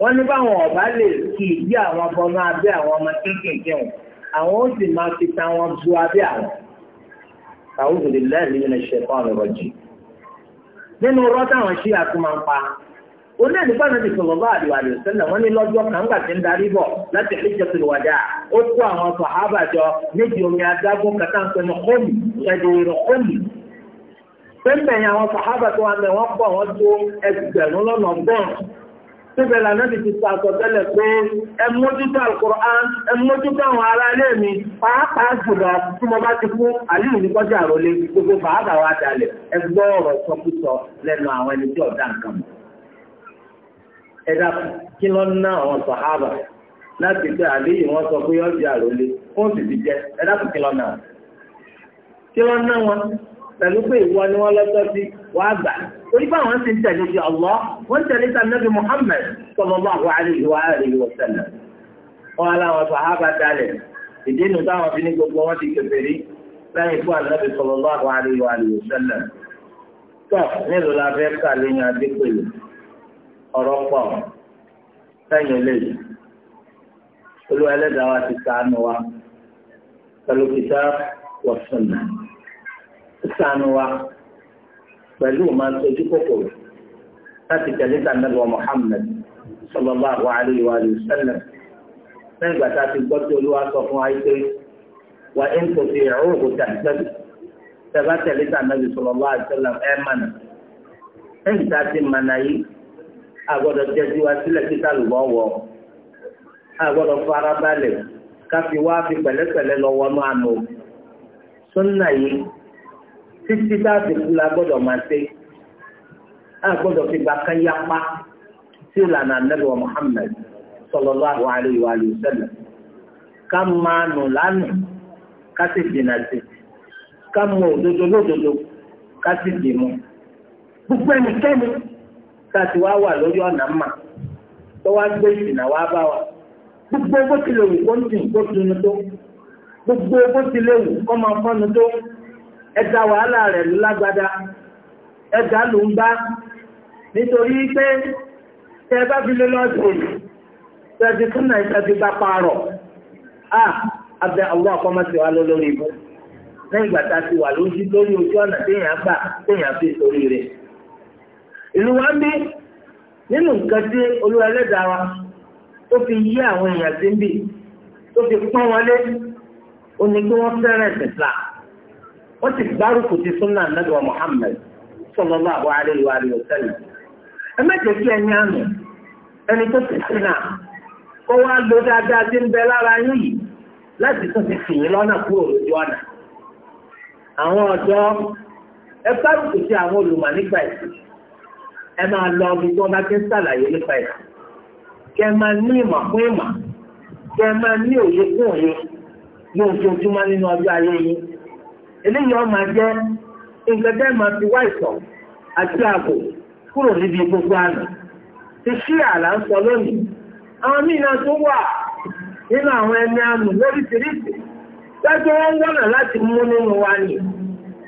wọ́n ní báwọn ọ̀bá lè kí ìdí àwọn ọmọ abẹ́ àwọn ọmọ kéékèèké wọn àwọn ó sì máa fi ta wọn bu abẹ́ àwọn àwọn òbí lẹ́ẹ̀lì ní ṣẹ̀kọ́ àwọn ọ̀rọ̀ jù nínú rọ́tà àwọn ṣí àtúmọ̀ pa oní ẹ̀dùnkọ́ náà ti sọ̀rọ̀ bá àdìwà àdìwà sẹ́lẹ̀ wọ́n ní lọ́jọ́ kan gbà tí ń darí bọ̀ láti Hijjatul Wada ó kó àwọn sàhábà jọ méjì omi adágún kàtà ń pẹ́ ní kọ́ọ̀lì ẹ̀dùn ìrọ̀ kọ́ọ̀lì pẹ́ńpẹ́ àwọn sàhábà tó wà pọ̀ wọ́n tó ẹgbẹ̀rún lọ́nà síbẹ̀ lànà ti ti sàtọ̀ tẹ́lẹ̀ pé ẹ mójútó ẹ mójútó àwọn ará ilé mi pàápàá jùlọ ẹ̀dá kí lọ ná àwọn sàhábà láti pé àléyìn wọn sọ pé ọjà àròlé fún òsì ti jẹ ẹ̀dá kí lọ ná kí lọ ná wọn pẹ̀lú pé ìwọ ni wọ́n lọ́tọ́ sí wàá gbà torí pé àwọn ti ń tẹ̀lé sí Allah wọ́n tẹ̀lé sí anabi Muhammad sallallahu alaihi wa alihi wa sallam wọn aláwọn sàhábà dalẹ̀ ìdí inú táwọn fi ní gbogbo wọn ti kèfèrí lẹ́yìn fún anabi sallallahu alaihi wa alihi wa sallam tó nílò la fẹ́ kà lẹ́yìn adépèlè ọ̀rọ̀ pọ̀ sẹ́yìn eléyìí olúwa ẹlẹ́dàá wa ti ṣàánú wa pẹ̀lú kitab wa sunnah ṣàánú wa pẹ̀lú máa sojú kòkòrò láti tẹ̀lé sàmẹ́lì Muhammad sallallahu alaihi wa sallam lẹ́yìn ìgbà tá a ti gbọ́ tí olúwa sọ fún wa pé wà á ń tòṣe tàbí tẹ̀lé sàmẹ́lì sallallahu alaihi wa sallam ẹ̀ mànà lẹ́yìn tá a ti mànà yìí. àgbọ̀dọ̀ jẹjú wa sílẹ̀ títà lùbọ̀ wọ̀ àgbọ̀dọ̀ farabalẹ̀ káfí wá fi pẹ̀lẹ́pẹ̀lẹ́ lọ́wọ́ yìí títí táàbì máa ṣe fi gbà yapa sí ìlànà ànábì wa Muhammad sallallahu alaihi wa ká máa nù lánàá ká sì dènà sí ká mọ òdodo lódodo ká sì káàtì wá wà lórí ọ̀nà mma tó wá gbé ìsìnà wá bá wa gbogbo bó ti lè wù kó ń kó tó gbogbo bó ti lè wù kó máa fọ́nu tó ẹ̀dá wàhálà rẹ̀ ló lágbada ẹ̀dá ló ń bá nítorí pé tẹ bá fi lé lọ́sìn tẹ̀sí fún náà bá parọ̀ a abẹ àwọn akọ́mọ́sí wa lórí ibú lẹ́yìn ìgbà tá a ti wà fi ìlú wa ń bí nínú nǹkan tí olúwa ẹlẹ́dàá wa tó fi yí àwọn èèyàn sí ń tó fi pọ́n wọn lé ti gbárùkù ti súnà nàbẹ̀ wa Muhammad sallallahu alaihi wa alihi wa ẹ mẹ́jẹ̀ kí ẹni ẹni tó ti sí náà kó wá lo dáadáa ń bẹ lára yín yìí láti tún ti fìyín lọ́nà kúrò lójú ọ̀nà àwọn ọ̀dọ́ ẹ ẹ máa lọ ọdún tó bá ti ń sàlàyé nípa ẹ̀ kẹ máa ní ìmọ̀ fún ìmọ̀ kẹ máa ní òye fún òye ní ojoojúmọ́ nínú ọjọ́ ayé yìí eléyìí ọmọ jẹ́ nǹkan tẹ́ máa fi wá ìsọ̀ àti ààbò kúrò níbi gbogbo àná ti ṣí àlà ń sọ lónìí àwọn mìíràn tó wà nínú àwọn ẹni àmì lóríṣiríṣi dájú wọn wọnà láti mú nínú wa ni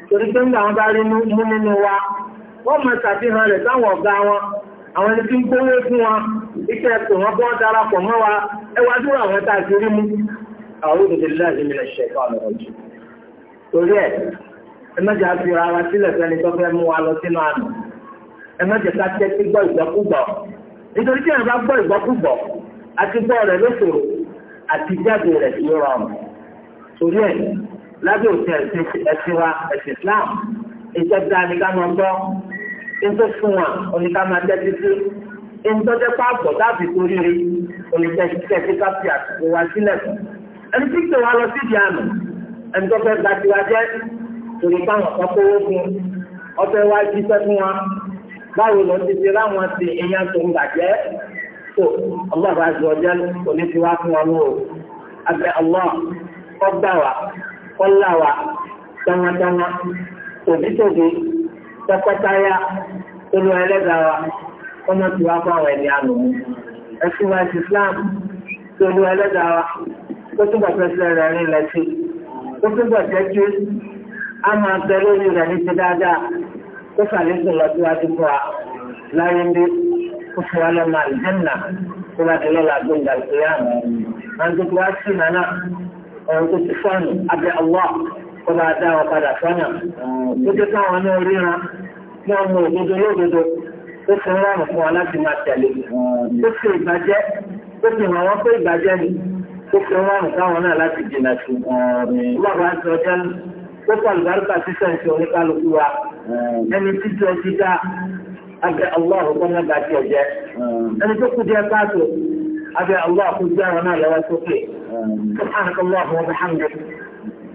torí pé nígbà wọn bá rí mú nínú wa wọ́n mọ̀ ṣàfihàn rẹ̀ sáwọn ọ̀gá wọn àwọn ẹni tí ń gbówó fún wọn iṣẹ́ ẹ̀kọ́ wọn bọ́ darapọ̀ mọ́ wa ẹwà dúró àwọn tá a ti rí mú àwọn olùdílé láti mi lè ṣe ẹ̀kọ́ ọ̀nà ọ̀jọ́ torí ẹ̀ ẹ mẹ́jọ á fi ra wa òfin ẹ̀sìn wa ẹ̀sìn Islam ìjọba ni ká máa gbọ́ ètò fún wa oníkà máa jẹ́ títí ètò jẹ́ pààbọ̀ láti torí rí oníkà ṣiṣẹ́ tí ká fi àsìkò wa sílẹ̀ fún. ẹni tí kò wá lọ sídìí àná ẹni tó fẹ́ gba tiwa jẹ́ torí káwọn kan kówó fún ọfẹ́ wá jíṣẹ́ fún wa báwo ló ti ṣe láwọn ti ìyẹn tó ń bàjẹ́ tó ọlọ́ọ̀bá ju ọjọ́ òní ti fún wa o abẹ́ ọlọ́ọ̀ kọ́ gbà wá kọ́ pátápátáyà tolu ẹlẹ́dàá wa ọmọ tí wàá fáwọn ẹni àná mu ẹsùn wa ti Islam tolu ẹlẹ́dàá wa ó tún bàtà sílẹ̀ rẹ̀ ní lẹ́sí ó tún bàtà tí a máa bẹ lórí rẹ̀ ní ti dáadáa ó sàlékún lọ síwájú fún wa láyé ndé ó fún wa lọ́mọ àlùjẹ́nà tó bá ti lọ́la gbẹ̀ngà ìpéyàmù. àwọn tó ti wá sí nàná ọ̀rọ̀ tó ti fọ́ọ̀nù abẹ́ ọwọ́ kó bá dá wọn padà sọ́nà tó jẹ́ káwọn náà ríran kí wọ́n mú òdodo lódodo ó fi rọrùn fún wọn láti máa tẹ̀lé ó fi ìbàjẹ́ ó fi hàn wọ́n pé ìbàjẹ́ ni ó fi rọrùn fáwọn náà láti jìnà sí wàhálà àti ọjọ́ ó pọ̀ lùbáríkà sísẹ̀ǹsì oníkálukú wa ẹni títí ọjí dá abẹ́ aláhùn kọ́ náà bàjẹ́ ọ̀jẹ́ ẹni tó kú díẹ̀ káàtó abẹ́ aláhùn kú díẹ̀ wọn náà lọ́wọ́ sókè. سبحانك اللهم وبحمدك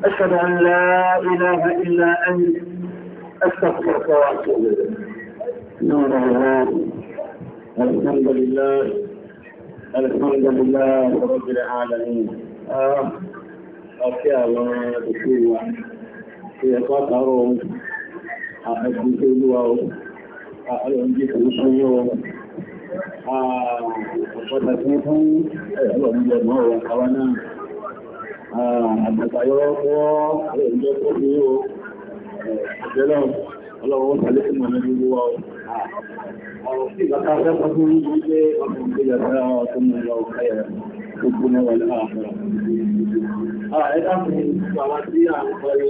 أشهد أن لا إله إلا أنت أستغفرك وأتوب إليك نور الله الحمد لله الحمد لله رب العالمين أشياء الله تشوى في قطر أحب تلوى أعلم مسلمون أقول لك أعلم جمهور قوانا àgbàtàyọ́ fọ́ ẹ̀jọ́ tó ní o ìjẹ́lẹ̀ ọlọ́wọ́ pẹ̀lú ìmọ̀ ní gbogbo wa ọ̀rọ̀ sí ìgbàta afẹ́fẹ́ tó ní ilé ọkùnrin tó yàtọ̀ tó mú lọ ọ̀fẹ́ gbogbo ní wọlé ààrẹ ẹ̀dàkùn bàbá tí à ń kọ́ ní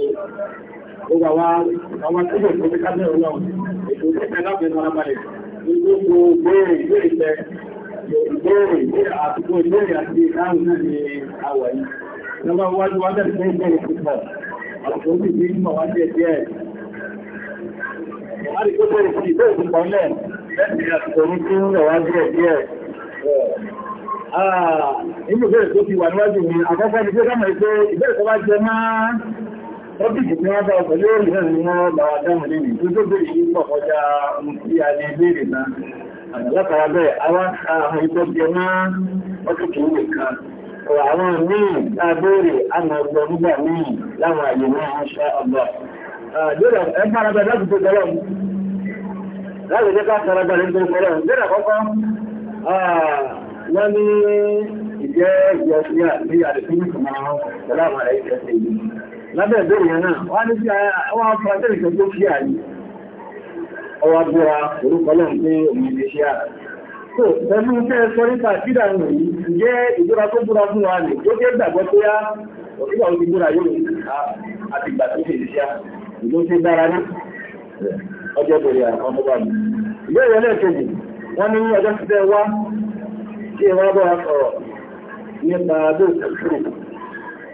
gbogbo àwọn tí kò tó fi ká bẹ̀rẹ̀ ọlọ́run ètò ìpínlẹ̀ lábẹ́ náà balẹ̀ ní gbogbo gbèrè gbèrè ìgbèrè àti gbèrè àti ìdáhùn náà ní àwọ̀ yìí Ìjọba wájú wájú ẹ̀sẹ̀ ìgbẹ̀ ìpínlẹ̀. Àṣọ́ òbí ní ìmọ̀ wájú ẹ̀sẹ̀ ẹ̀. A rí kó bẹ̀rẹ̀ sí ìgbẹ̀ ìpínlẹ̀ lẹ́sìn àṣọ́ Ah, inú bẹ̀rẹ̀ tó ti wà níwájú mi, àkọ́kọ́ ni pé ká mọ̀ pé ìbẹ̀rẹ̀ tó bá jẹ máa Ọ́bìkì tí wọ́n bá ọ̀pọ̀ lórí náà ni wọ́n bá wà dáhùn lórí tó tó bèèrè yìí pọ̀ kọjá ohun tí a lè bèèrè náà. Àgbàlápàá àwọn míì lábẹ́rẹ̀ àmọ̀gbọ̀ nígbà míì láwọn àyè náà ń ṣe ọgbà. Lọ́dọ̀ ẹ farabalẹ̀ láti tó tọ́lọ̀ láti jẹ́ ká farabalẹ̀ tó tọ́lọ̀. Lọ́dọ̀ kọ́kọ́ wọ́n ní ìjẹ́ ìjọsíyà sí àwọn afọ́ńtẹ́rì tó pẹ̀lú iṣẹ́ ẹ̀kọ́ nípa ìdídà rẹ̀ jẹ́ ìbúra tó búra fún wa nì tó jẹ́ gbàgbọ́ tó yá òkúta òkú búra yóò àti ìgbà tó ìlú tí dára ní ọjọ́ ìbẹ̀rẹ̀ àwọn ọmọ Ilé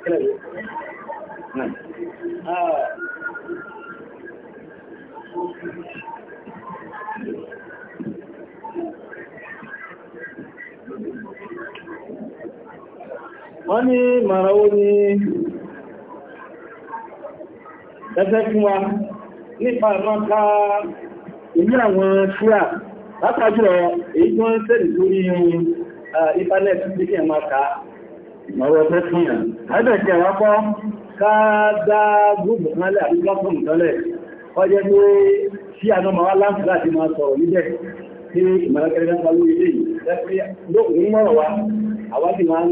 wọ́n ní màràwó ní ẹgbẹ́ fún wa nípa ìmọ́ká ìlú àwọn ṣúra látàjúrọ̀ èyí tó ń sẹ́rì lórí ìpánẹ́ẹ̀tì uh, tí kí ẹ máa kàá ọ̀rọ̀ tó fi hàn ẹgbẹ̀kẹ̀ ọkọ́ káàdá gúgbù mọ́lẹ̀ àti platform tọ́lẹ̀ ọjẹ́ pé tí a náà máa láti láti máa sọ̀rọ̀ níbẹ̀ tí ìmọ̀lẹ́kẹ̀rẹ́ náà lórí ilé yìí mọ́rọ̀ wa àwádìí máa ń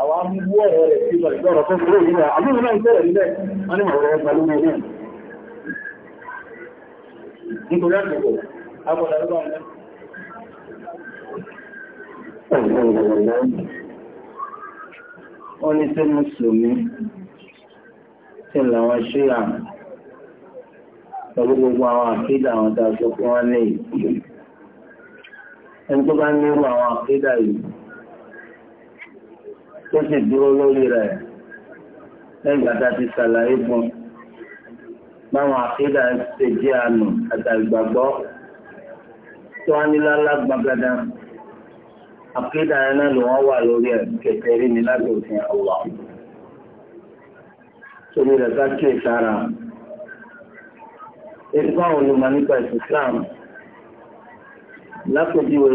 àwá ń wú ọ̀rọ̀ rẹ̀ sí ọ̀rọ̀ tó fúrò níbẹ̀ àbúrò náà ń sọ̀rọ̀ níbẹ̀ wọ́n wọ́n ní tí mùsùlùmí tí làwọn ṣíyà pẹ̀lú gbogbo àwọn àkídà àwọn tá a sọ pé wọ́n ní ẹni tó bá nírú àwọn àkídà yìí tó sì dúró lórí rẹ̀ lẹ́yìn bàtà ti ṣàlàyé fún báwọn àkídà ṣe jẹ́ àánú àtàgbàgbọ́ tó wá nílá lágbàgbàdàn àkídà náà ni wọ́n wà lórí ẹ̀ kẹ̀kẹ́ rí ni lábẹ́ òfin Allah torí rẹ̀ ká kí ìsára ipa olùmọ̀ nípa Islam lápòjúwe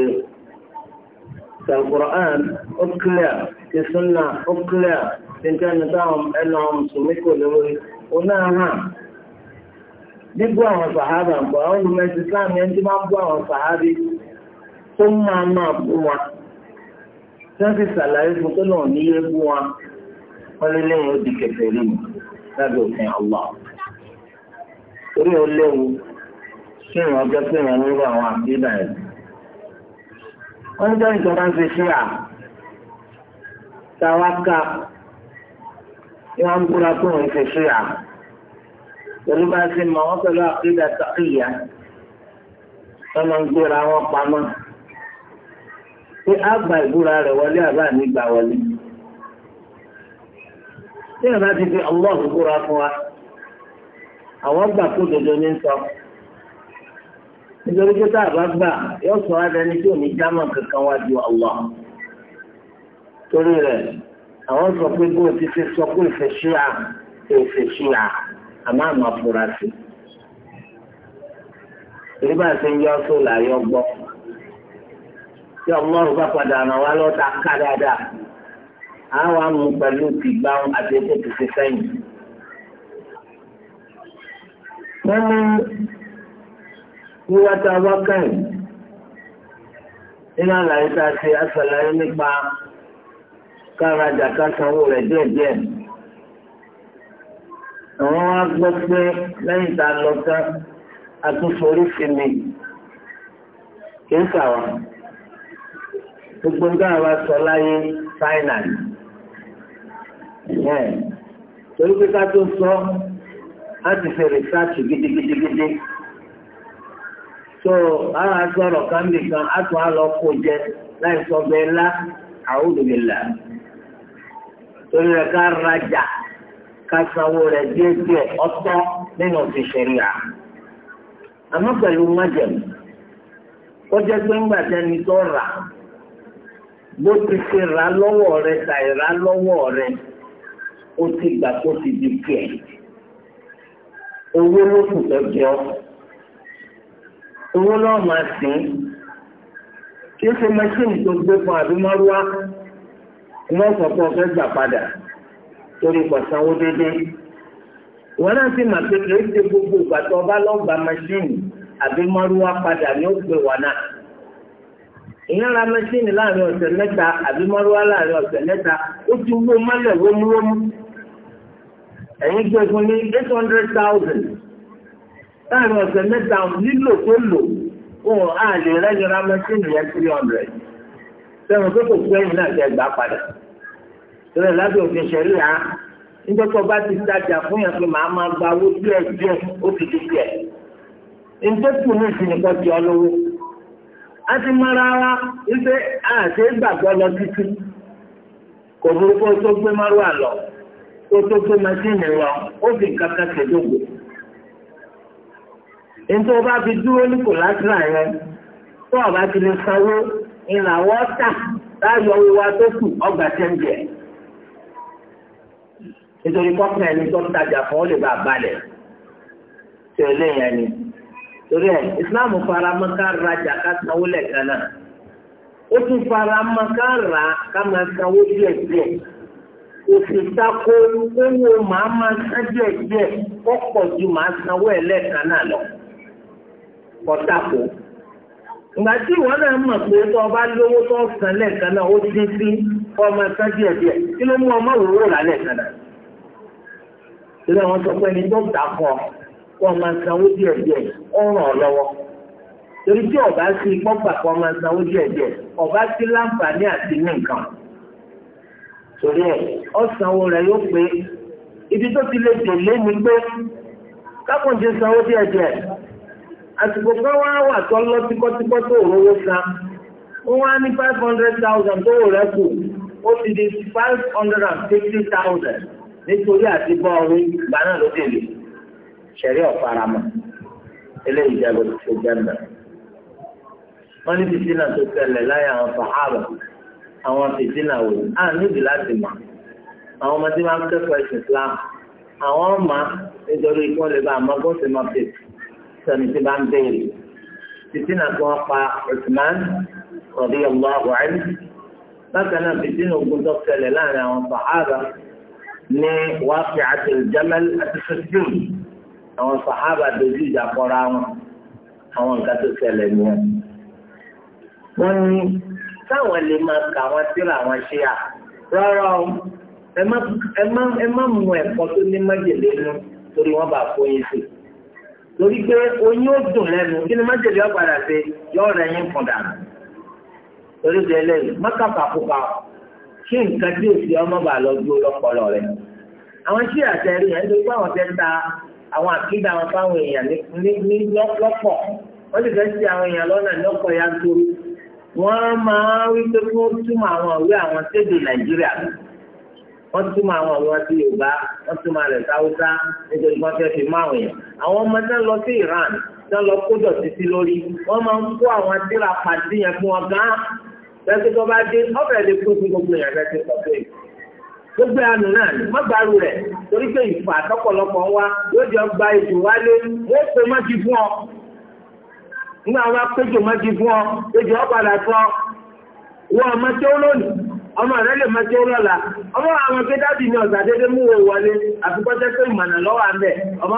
Al-Qur'an ó kílẹ̀ ti súnà ó kílẹ̀ tí ń tẹ́nu táwọn ẹnu ọmọ mùsùlùmí kò lórí ó náà hàn bíbú àwọn sàhábà ń bọ̀ àwọn olùmọ̀ Islam yẹn ti máa ń bú àwọn sàhábì tó máa máa bú wọn tí wọ́n ti ṣàlàyé fún tó náà ní yé bú wọn wọ́n lé lẹ́yìn ó di kẹfẹ́ rí mi lábẹ́ òfin Allah. Orí ó léwu kí ìrìn ọjọ́ pé ìrìn nírú àwọn àbílà ẹ̀. Wọ́n ní jọ́yìn tó máa ń ṣe sí à. Táwa ká ni wọ́n ń búra pé òun ṣe sí à. Pẹ̀lú bá ṣe mọ̀ wọ́n pẹ̀lú àkídà tàkìyà. Wọ́n máa ń gbéra wọn pamọ́ pé á gba ìbúra rẹ̀ wọlé àbá nígbà wọlé. Tí ìrìnà ti fi ọlọ́ọ̀hún búra fún wa, àwọn gbà kó dodo ní sọ. Nítorí pé tá a bá gbà, yóò sọ wá dání tí ò ní jámọ̀ kankan wá ju Allah. Torí rẹ̀, àwọn sọ pé bó ti fi sọ pé ìfẹ́ ṣíra, àmọ́ àmọ́ afurasí. Ìrí bá ń yọ sóòlà yọ gbọ́ tí ọmọọrù bá padà ràn wá lọ́ta ká dáadáa àwọn amú pẹ̀lú tìgbà àti ètò tìṣe sẹ́yìn. wọ́n ní wíwá tá a wá kẹ́yìn nínú àlàyé tá a ṣe àṣàlàyé nípa kárajà ká sanwó rẹ̀ díẹ̀díẹ̀. àwọn wá gbọ́ pé lẹ́yìn tá a lọ tán a tún forí sí mi kì í sàwọn gbogbo nígbà wa sọ láyé fáìnàlì torí pé ká tó sọ á ti ṣe rìsáàtì gidigidigidi tó ara sọ̀rọ̀ kan nìkan á tún á lọ kó jẹ láì sọ bẹ́ẹ̀ lá àwòdùbìlà torí rẹ̀ ká rajà ká sanwó rẹ̀ díẹ̀díẹ̀ ọ̀tọ̀ nínú òfin ṣẹ̀ríà àmọ́ pẹ̀lú májẹ̀mú kọjá pé ńgbà tẹni tó rà bó ti ṣe ra lọ́wọ́ rẹ ṣàìrá lọ́wọ́ rẹ̀ ó ti gbà kó ti di tiẹ̀ owó ló kù tó jẹ ọ́ owó náà máa sìn kí ṣe tó gbé fún àdúmọ́rúwá wọ́n sọ pé ọ̀fẹ́ padà torí wọ́n náà sì pé gbogbo ìgbà ọba padà ó gbé ìyẹn ra mẹ́sìnì láàrin ọ̀sẹ̀ mẹ́ta àbí mọ́rúwá láàrin ọ̀sẹ̀ mẹ́ta ó ti wó mọ́lẹ̀ wómúwómú ẹ̀yin gbẹ̀gùn ní eight hundred thousand láàrin ọ̀sẹ̀ mẹ́ta lílò tó lò òun á lè rẹ́yìn ra mẹ́sìnì yẹn three hundred sẹ́wọ̀n tó kò fún ẹ̀yìn náà kẹ́ gbà padà ìrẹ̀ lábẹ́ òfin ṣẹ̀rí à nígbàtọ̀ bá ti tajà fún yàn pé màá máa gba owó díẹ̀ díẹ̀ ó ti di díẹ̀ a ti mara wa wípé àti gbàgbọ́ lọ títí kò burúkú tó gbé márùwà lọ kó tó gbé masíìnì lọ ó fi kankan kẹdógbò nítorí o bá fi dúró ní kòlátìrà yẹn tó o bá ti lè sanwó ìrànwọ́ tà láyọ̀ owó tó kù ọgbà tẹ́ǹdẹ̀ nítorí kọ́kùnrin ẹni tó ń tajà fún ó lè bá torí ẹ islam fara mọ́ ká rajà ká sanwó lẹ́ẹ̀kan náà ó tún fara ká rà ká máa sanwó díẹ̀ díẹ̀ òfìtako owó màá máa san díẹ̀ díẹ̀ ọ̀pọ̀ ju màá sanwó ẹ̀ lọ ìgbà tí náà mọ̀ pé tó lówó san náà ó dín sí ọmọ díẹ̀ díẹ̀ kí ló mú ọmọ òwúrò rà náà. sọ pé ẹni wọ́n máa sanwó díẹ̀ díẹ̀ ó ràn ọ́ lọ́wọ́ torí tí ọba sí pọ́pà kan máa sanwó díẹ̀ díẹ̀ ọba sí láǹfààní àti ní nǹkan torí ẹ̀ ọ̀sánwó rẹ̀ yóò pé ibi tó ti lè tẹ̀lé ni pé kákùnjẹ sanwó díẹ̀ díẹ̀ àsìkò kan wá wà tó lọ tíkọ́tíkọ́ tó rówó san wọ́n wá ní five hundred thousand tó rẹ̀ kù ó ti di five hundred and fifty thousand nítorí àti bọ́ ìgbà náà ló tẹ̀lé ṣẹ̀rí ọ̀faramọ̀ eléyìí jẹ́ gbogbo tó jẹ́ mbẹ́. wọ́n ní fìtínà tó tẹ̀lẹ̀ láyé àwọn sàhábà àwọn fìtínà wò á níbi láti mọ̀ àwọn ọmọdé máa ń kẹ́kọ̀ọ́ ẹ̀sìn Islam àwọn ọmọ nítorí kí wọ́n lè bá àmọ́ bó ṣe máa fèsì sani tí bá ń béèrè fìtínà tí wọ́n pa Usman radiyallahu anhu bákan náà fìtínà ogun tó tẹ̀lẹ̀ láàrin àwọn sàhábà ní wàá fi àtẹ̀lẹ̀ Jamal àti sọ́jú àwọn sàhábà dojú ìjà kọra wọn àwọn nǹkan tó ṣẹlẹ̀ ni wọn. wọ́n ní táwọn lè máa kà wọ́n síra wọn ṣe à rárá o ẹ má mú ẹ̀kọ́ tó ní májèlé nu torí wọ́n bá fóyin sí torí pé oyin ó dùn lẹ́nu kí ni májèlé ọ̀padà ṣe yọ ọ̀rẹ́ yín fún dànù torí ti ẹlẹ́yìn mọ́kàkà pupa kí nǹkan tí òsì ọmọ bá lọ gbó lọ́pọ̀lọ́ rẹ̀ àwọn tí àtẹ̀rí ẹ̀ ń tó gbọ́ àwọn tẹ́ ta àwọn àkídà wọn fáwọn èèyàn ní lọ́pọ̀ wọ́n sì fẹ́ sí àwọn èèyàn lọ́nà lọ́pọ̀ yanturu wọ́n máa wí pé kí wọ́n túmọ̀ àwọn òwe àwọn sédè nàìjíríà wọ́n túmọ̀ àwọn òwe wọn sí yorùbá wọ́n túmọ̀ rẹ̀ sáwúsá nítorí wọ́n fẹ́ fi mọ́ àwọn èèyàn àwọn ọmọ náà lọ sí iran náà lọ kó dọ̀tí sí lórí wọ́n máa ń kó àwọn adíra pàdé yẹn fún wọn gán lẹ́sìn tó bá dé ọ̀fẹ́ lè kó sí gbogbo èèyàn lẹ́sìn pọ̀ gbogbo a náà má gbàrú rẹ̀ torí pé ìfà àtọ́pọ̀lọpọ̀ wa yóò jọ gba ètò wálé wọ́n pe má ti fún ọ. nígbà wọn péjọ má ti fún ọ ọ̀padà fún ọ. wọ́n ọmọ tó lónìí ọmọ rẹ lè má tó lọ́la ọmọ àwọn akédábì ní ọ̀sà dédé mú wo wọlé pé ìmọ̀nà lọ́wọ́ ọmọ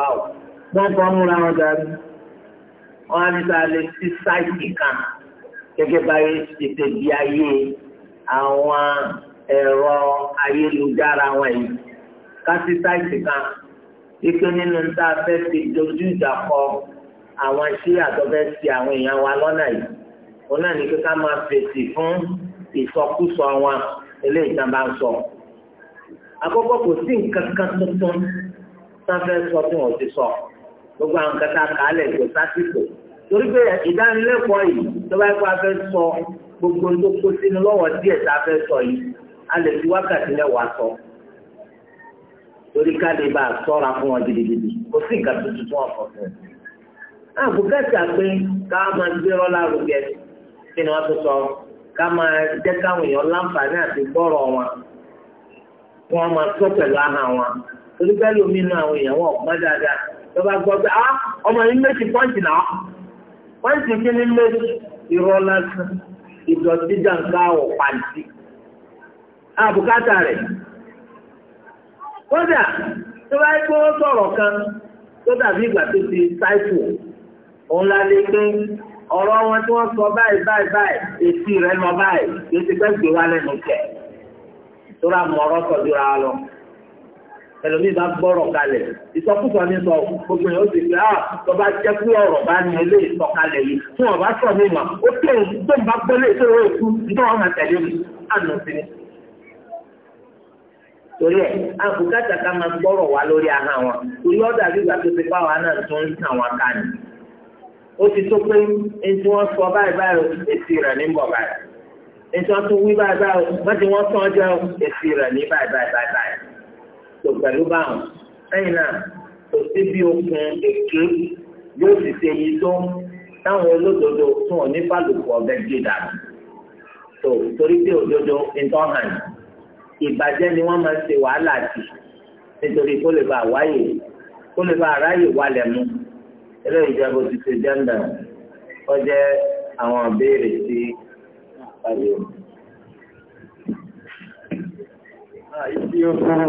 bá wọ́n kọ́ múra wọn darí wọ́n á ní ká lè sí sáìtì kan gẹ́gẹ́ báyìí tètè di ayé àwọn ẹ̀rọ ayélujára wọn yìí ká sí sáìtì kan ike nínú tá a fẹ́ fi dojú ìjà kọ àwọn ṣí àtọ́fẹ́ sí àwọn èèyàn wa lọ́nà yìí òun náà ní kíkà máa fèsì fún ìsọkúsọ wọn eléyìí tá a bá ń sọ. àkọ́kọ́ kò sí nǹkan kan tuntun tá sọ tí wọ́n gbogbo àwọn kẹta kàálẹ̀ tó sásìkò torí pé ìdánilẹ́kọ̀ọ́ yìí tó bá kó a fẹ́ sọ gbogbo tó kó sínú lọ́wọ́ díẹ̀ tá a fẹ́ sọ yìí a lè fi wákàtí mẹ́wàá sọ torí ká bá a sọ́ra fún wọn gidigidi kò sí nǹkan tuntun tó wọn kọ fún un. àbùkẹ́sì àgbẹ̀ ká máa gbérọ́ lárugẹ kí ni wọ́n tó sọ ká máa jẹ́ káwọn èèyàn láǹfààní àti gbọ́rọ̀ wọn kí wọ́n máa tó pẹ̀lú ahọ́n wọn torí bẹ́ẹ̀ lómi inú àwọn èèyàn wọn ò pọ́n dáadáa lọ́ba ah, ọmọ yìí méjì pọ́ǹtì náà pọ́ǹtì kí ni méjì irọ́ lásán ìdọ̀tí ọ̀ pàǹtì àbùkátà rẹ̀. kódà kan ìgbà tó ti ṣáìpù òun la lè ọ̀rọ̀ wọn tí wọ́n sọ báyìí báyìí báyìí èsì rẹ̀ lọ báyìí wa lẹ́nu ẹlòmí bá gbọ́rọ̀ kalẹ̀ ìsọkúsọ ní sọ gbogbo yẹn ó sì pé ah tọba jẹ́ pé ọ̀rọ̀ bá ní ilé ìsọkalẹ̀ yìí tí wọ́n bá sọ mí mà ó tó tó ń bá gbọ́lé ìṣòro èkú nítorí wọn máa tẹ̀lé mi àná sí ni. torí ẹ àbùkátà ká máa gbọ́rọ̀ wá lórí ahọ́n wọn torí ọ̀dà gbígbà tó ti báwa náà tó ń tàn wọn ká ni. ó ti tó pé ẹni tí wọ́n sọ báyìí báyìí èsì rẹ̀ ní bọ̀ báyìí tó pẹ̀lú báwọn lẹ́yìn náà kò sí bí okun èké yóò sì ṣe yí tó táwọn olódodo tún ọ̀ ní fàlùkù ọ̀bẹ gbé dànù tó torí pé òdodo nǹkan hàn ìbàjẹ́ ni wọ́n máa ń ṣe wàhálà sí nítorí kó lè bá wáyè kó lè bá aráyè wálẹ̀ mú eléyìí jẹ́ bó ti ṣe jẹ́ńdà ó jẹ́ àwọn ìbéèrè sí àyè. Ibi ọ̀sán.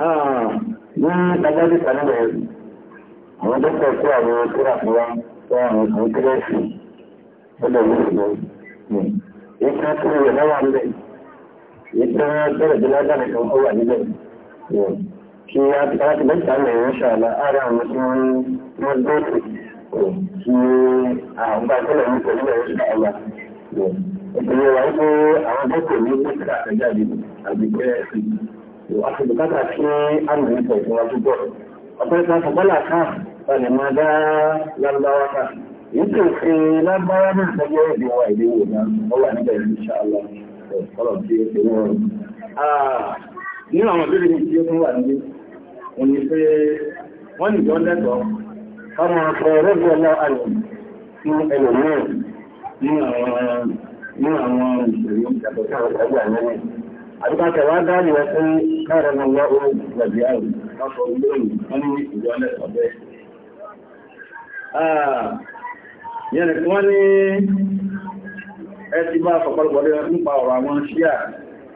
ní agbájú kanílẹ̀ ẹ̀rù àwọn dókítà tí àwọn kíra fún wa tó àwọn kan kíra sí ọdọ̀ ní ìlú ní ìka tó rẹ̀ náwà nílẹ̀ ìka bẹ̀rẹ̀ bí lágbàrẹ̀ kan ó wà nílẹ̀ kí a ti láti mẹ́ta lẹ̀ ń ṣàlá ara àwọn tí wọ́n dókè kí àwọn bá tẹ́lẹ̀ ń pẹ̀lú ẹ̀ ṣe àgbà ìpínlẹ̀ wa ń pé àwọn dókè ní dókítà àjáde àbíkẹ́ ẹ̀sìn àti bùkátà tí àmì ìpọ̀ ìfúnwájú bọ̀. ọ̀pẹ́ta fọ̀bọ́là kan balẹ̀ máa dá lábáwá kan èyí tó fi lábáwá náà tọ́jọ́ èdè wa ìlú wò náà ó wà níbẹ̀ ìṣàlọ́ ọ̀rọ̀ tí ó ti wọ́n. nínú àwọn ìbéèrè mi tí ó tún wà nílé wọ́n ní pé wọ́n nìjọ lẹ́tọ̀ọ́ káwọn afọ rẹ́bù ọlá àlọ́ fún ẹlòmíràn nínú àwọn àdúgbà tẹ̀wá dáàlì ẹ pé káàrẹ̀ mọ̀ lọ ohun gbẹ̀bí àrùn lọ́sọ̀ ilé ìwọ̀n ní ìwọ̀lẹ̀ ọ̀bẹ́ ah, yẹnì kí wọ́n ní ẹ ti bá fọ̀pọ̀lọpọ̀lẹ́ nípa ọ̀rọ̀ àwọn ṣíà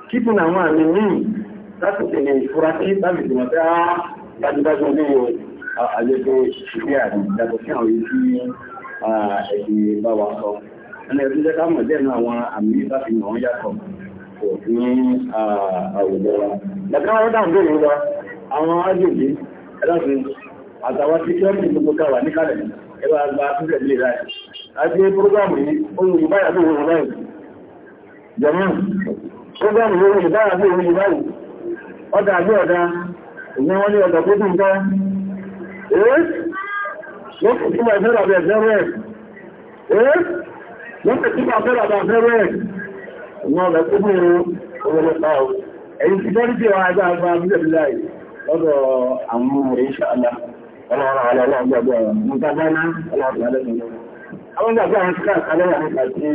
kíkùn ah, àwọn àmì míì láti tẹ̀lé ìfurasí láti dìmọ̀ sí á dájúdájú sọ ẹni ẹ̀sìn jẹ́ ká mọ̀ jẹ́ àwọn àmì láti yàtọ̀ pọ̀ ní àwùjọ wa. Lẹ́kàn wọ́n dáa bèèrè wa, àwọn agbègbè ẹlọ́sìn àtàwọn tí kí ọ́nà gbogbo ká wà ní kalẹ̀ ẹgbẹ́ àgbà fífẹ̀ lè ráì. A ti prógámù yìí, ohun ìbáyà tó wọ́n ráì. Jọ̀mọ́, prógámù yìí ohun ìbáyà tó wọ́n ráì. Ọ̀dà wọ́n lọ tó fún owó pa ọ̀ ẹ̀yìn ti lọ́rí tí wọ́n agbá agbá abúlé láì lọ́dọ̀ àwọn ọmọ ìṣẹ́ àlá ọlọ́rọ̀ aláàgbàgbà mọ́tàbáná ọlọ́rọ̀ alẹ́gbẹ̀ẹ́ àwọn ìgbàgbà àwọn ìṣẹ́ àkàlẹ́wà nípa tí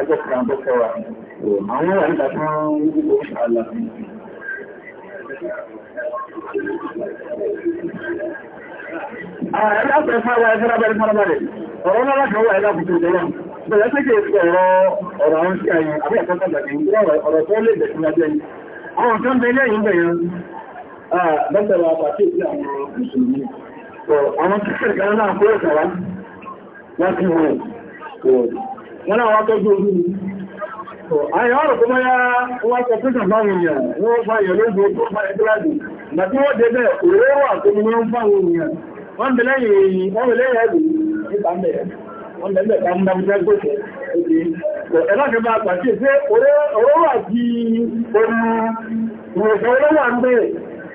ọjọ́ kan tó àwọn Bẹ̀rẹ̀ pẹ́kẹ̀ ọ̀rọ̀ ọ̀rọ̀ àwọn sí ayé, àbí àkọ́kọ́ ìgbàgbé ń gbọ́ ọ̀rọ̀ tó lè bẹ̀rẹ̀ lábẹ́ yìí. Àwọn tó ń bẹ lẹ́yìn bẹ̀rẹ̀ lọ́tọ̀rọ̀ àpàtí ìpínlẹ̀ àwọn Mùsùlùmí. Àwọn tí kẹ́kẹ̀ẹ́ náà kó ya wá láti wọ̀n. Wọ́n náà wá tọ́jú ojú mi. Àyà ọ̀rọ̀ tó máa wọ́n sọ wọ́n lẹ́lẹ̀ dámúdámúdágbòsẹ̀ ẹ̀lọ́gbẹ̀mọ́ àpàṣẹ pé orówó àti ohun ìwòsàn olówó ń bẹ̀rẹ̀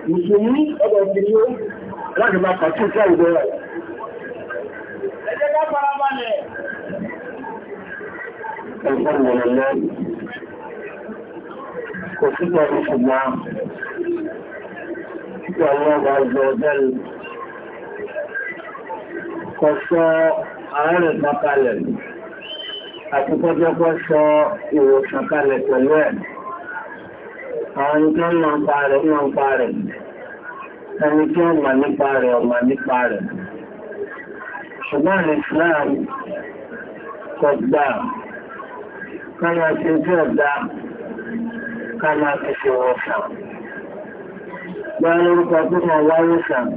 mùsùlùmí ọ̀dọ̀ ìfìrí ó ẹ̀lọ́gbẹ̀mọ́ àpàṣẹ sí àwùjọ rẹ̀ ẹjẹ́ ká farabalẹ̀ ẹ̀gbọ́n wọ̀lẹ̀ lẹ́yìn kò sípò ìṣùgbọ́n Kọ̀sọ́ àárẹ̀ kankalẹ̀ àti kọjọ́kọ́ sọ ìwòsàn kalẹ̀ pẹ̀lú ẹ̀. Àwọn nǹkan máa ń pa rẹ̀ máa ń pa rẹ̀. Ẹni tí ó mà nípa rẹ̀ ọ̀mà nípa rẹ̀. Ṣùgbọ́n Islam kò gbà ká máa ṣe tí ọ̀dá ká máa fi ṣe Gbọ́n lórúkọ tó máa wáyé sàn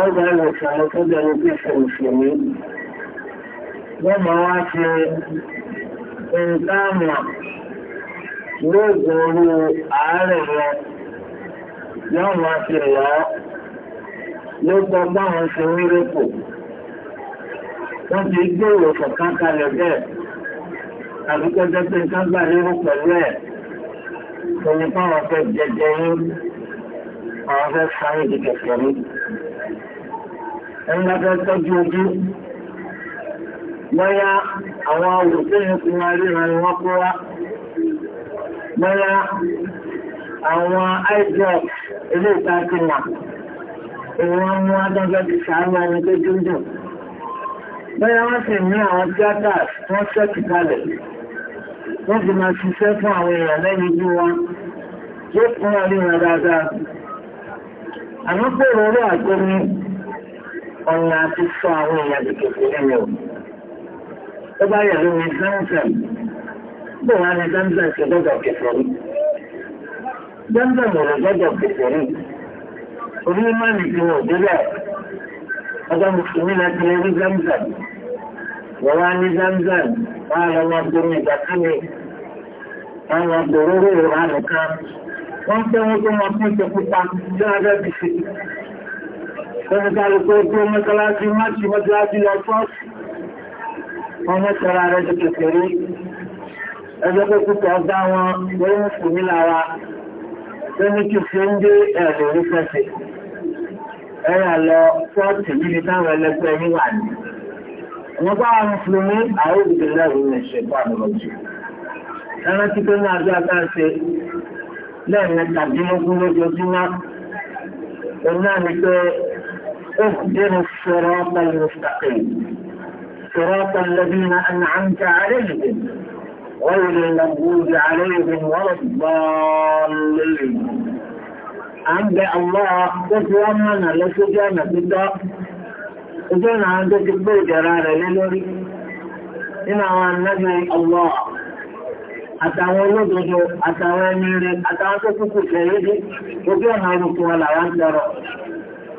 ọgbà ìwòsàn tó bẹ̀rẹ̀ bí ìṣẹ̀ òṣèlú wọ́n máa wá ṣe ìdáàmà lóògùn orú ààrẹ rẹ̀ yóò máa ṣe ìyá ló gbọ́ báwọn ṣe ń rẹ́pò wọ́n ti gbé ìwòsàn kan kalẹ̀ bẹ́ẹ̀ àbí kọjá pé nǹkan gbà lérò pẹ̀lú ẹ̀ òní fáwọn fẹ́ jẹjẹ yín àwọn fẹ́ sáré di kẹfẹ́ mi ẹ̀yìn lábẹ́ tọ́jú ojú lọ́yá àwọn olùgbéyìn ti máa ríran ni wọ́n kó wá lọ́yá àwọn idol ilé ìtàkìmà ìwọ̀n mú adájọ́ ti sàárù ẹni tó dúndùn lọ́yá wọ́n sì ní àwọn tíátà wọ́n sẹ́kì wọ́n sì máa ṣiṣẹ́ fún àwọn èèyàn lẹ́yìn ọ̀nà àti sọ àwọn èèyàn ti kèfè lẹ́nu o. Ó bá yẹ̀ lómi Zamzam, bó wá ní Zamzam ṣe gbọ́dọ̀ kèfè rí. Zamzam ò lè gbọ́dọ̀ kèfè rí. Orí ìmánì ti wọ̀ délẹ̀. Ọjọ́ Mùsùlùmí la ti rí Zamzam. Wọ́n wá ní Zamzam, wọ́n á lọ wọn bomi ìgbà sí mi. Wọ́n wọn gbòòrò rẹ̀ wà nìkan. Wọ́n fẹ́ wọn tó wọn pín ṣe pupa tí wọ́n fẹ́ fi ṣe. Tẹ́kẹ́kẹ́ kó kó mẹ́kàlájú máàkì mọ́jájú lọ fọ́ọ̀sì. Wọ́n mẹ́tẹ̀ra rẹ̀ ti kèfèrí. Ẹgbẹ́ pé púpọ̀ ọgbá wọn lórí mùsùlùmí lára. Ó ní kí fi ń dé ẹ̀rọ orí fẹ́sẹ̀. Ẹ̀yà lọ fọ́ọ̀tì níbi táwọn اهدنا الصراط المستقيم صراط الذين أنعمت عليهم غير المغضوب عليهم ولا الضالين عند الله لسجانا في الدار سجانة عند في جرارة للوري إن النبي الله àtàwọn olódodo àtàwọn ẹni rẹ̀ àtàwọn tó kúkú ṣe yéé dé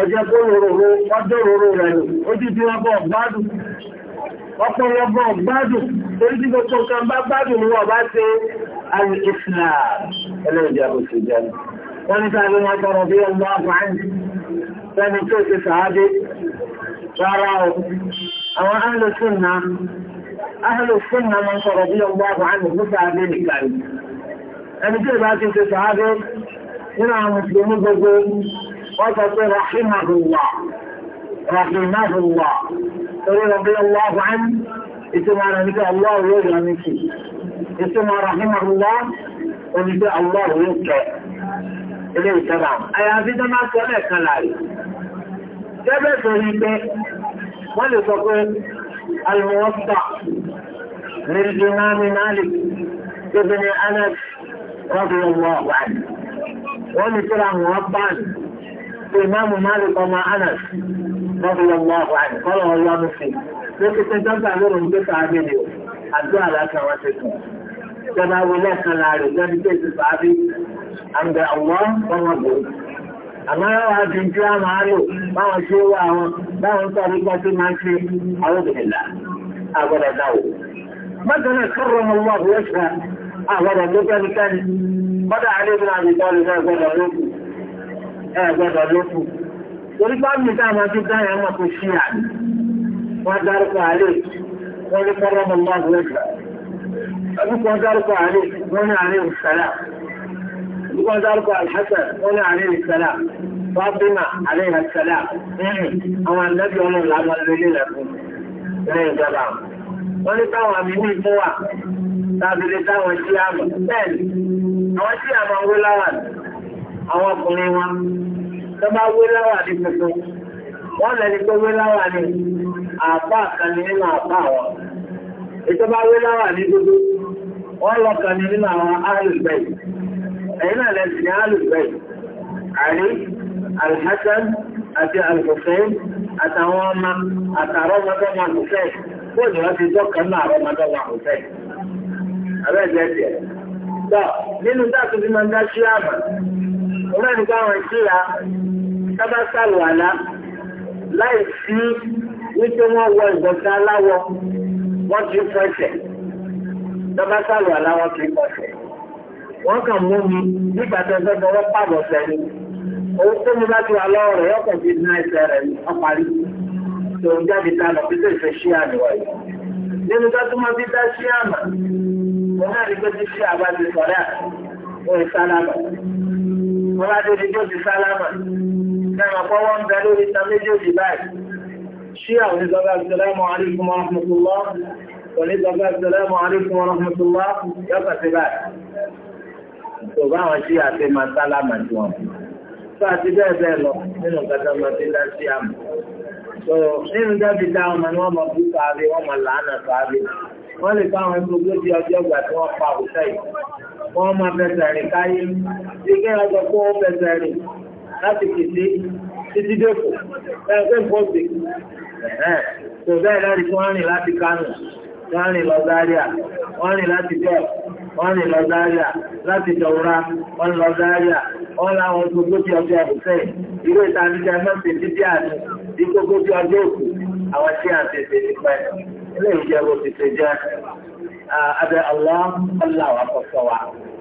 ẹjẹ́ kó lòròrò ọjọ́ òróró rẹ̀ lò ojú tí wọ́n gbádùn gbádùn torí tí gbogbo kan bá gbádùn wọ́n bá ṣe ẹni tí ìbá ti ṣe sàádé nínú àwọn mùsùlùmí gbogbo وتقول رحمه الله رحمه الله تقول رضي الله عنه اسم رحمك الله يرحمك اسم رحمه الله ونبي الله يرحمك إليه تمام أي هذه ما كان كلاي جبت ريبه ولتقول الموضع للإمام مالك ابن أنس رضي الله عنه ولترى موضعا ìmáàmù Malik ọmọ Anas radiyallahu anhu kọ́lọ̀ ọ̀yọ́ mi fi lókè tí dọ́gba lórí ń gbèsè abẹ́lé o àdúrà aláṣà wọn ti sùn. Ìjọba ẹ̀gbọ́dọ̀ lókù torí bá mi dáhùn ọdún dáhùn àwọn kò ṣí à wọ́n dárúkọ àlè wọ́n ní kọ́rọ́ mọ́ máa wọ́n gbà ọdún kan dárúkọ àlè wọ́n ní àlè ìsàlá ọdún kan dárúkọ àlhásà wọ́n ní àlè ìsàlá fábímà àlè ìsàlá àwọn ànábì ọlọ́run làwọn lélẹ̀ lẹ́kùn lẹ́yìn ìjọba wọ́n ní táwọn àmì ní ìfún wa tàbí táwọn sí àmà bẹ́ẹ̀ àwọn sí àmà ń wé láwà àwọn ọkùnrin wọn tó bá wé láwà ní tuntun wọ́n lẹ́ni tó wé láwà ní àbá kan nínú àbá wọn ètò wé láwà ní dúdú wọ́n lọ nínú àwọn alùbẹ̀ ẹ̀yìn náà ní alùbẹ̀ àrí alhassan àti alhussein àtàwọn ọmọ àtàrọ ti nínú bí máa ń dá àmà ọ̀rọ̀ ní káwọn ìṣíra sábà sàlù àlá láì sí wípé wọ́n wọ ìgbọ̀nsẹ̀ aláwọ̀ wọ́n ti fọ́ ẹsẹ̀ sábà sàlù àlá wọ́n ti fọ́ ẹsẹ̀ wọ́n kàn mú mi nígbà tó ẹgbẹ́ tó wọ́n pàbọ̀ sẹ́ni owó tó mi bá ti wà lọ́wọ́ rẹ̀ yọ̀kọ̀ ti dín ẹsẹ̀ rẹ̀ ní ọparí tó ń jáde ta lọ pípé ìfẹ́ ṣí àníwá yìí nínú tó tún máa fi dá ṣí àmà mo náà rí pé ti ṣí àbá sọ̀rẹ́ àti òun sálámà wọ́n bá dédé tó ti sálámà náà kọ́ wọ́n bẹ lórí san méjèèjì báyìí ṣí àwọn ìjọba ìsọlámù alaykum wa rahmatullah òní ìjọba ìsọlámù alaykum wa rahmatullah yọkọ̀ sí báyìí tó bá wọn ṣí àti máa sálámà tí wọn tó àti bẹ́ẹ̀ bẹ́ẹ̀ lọ nínú lè fáwọn ẹgbẹ́ ogójì ọjọ́ ìgbà tí wọ́n pa òṣèlú wọ́n máa fẹsẹ̀ rìn káyé tí kí wọ́n sọ pé wọ́n fẹsẹ̀ rìn láti kìtì títí dẹ́kọ̀ ẹ̀ pé nǹkan sì kò bẹ́ẹ̀ lẹ́rìí tí wọ́n rìn láti Kánò wọ́n rìn lọ Zaria wọ́n rìn láti bẹ́ẹ̀ wọ́n rìn lọ Zaria láti Jọ̀wúra wọ́n lọ Zaria wọ́n láwọn gbogbo ọjọ́ ọ̀sẹ̀ ìwé ìtàníjà mọ́sẹ̀ títí àná ìgbogbo ọjọ́ òkú àwọn tí a ti ṣe nípa ẹ̀ ilé ìjẹ́ bó ti ṣe jẹ́ abẹ́ ọlọ́ ọlọ́ àwọn akọ̀ṣọ́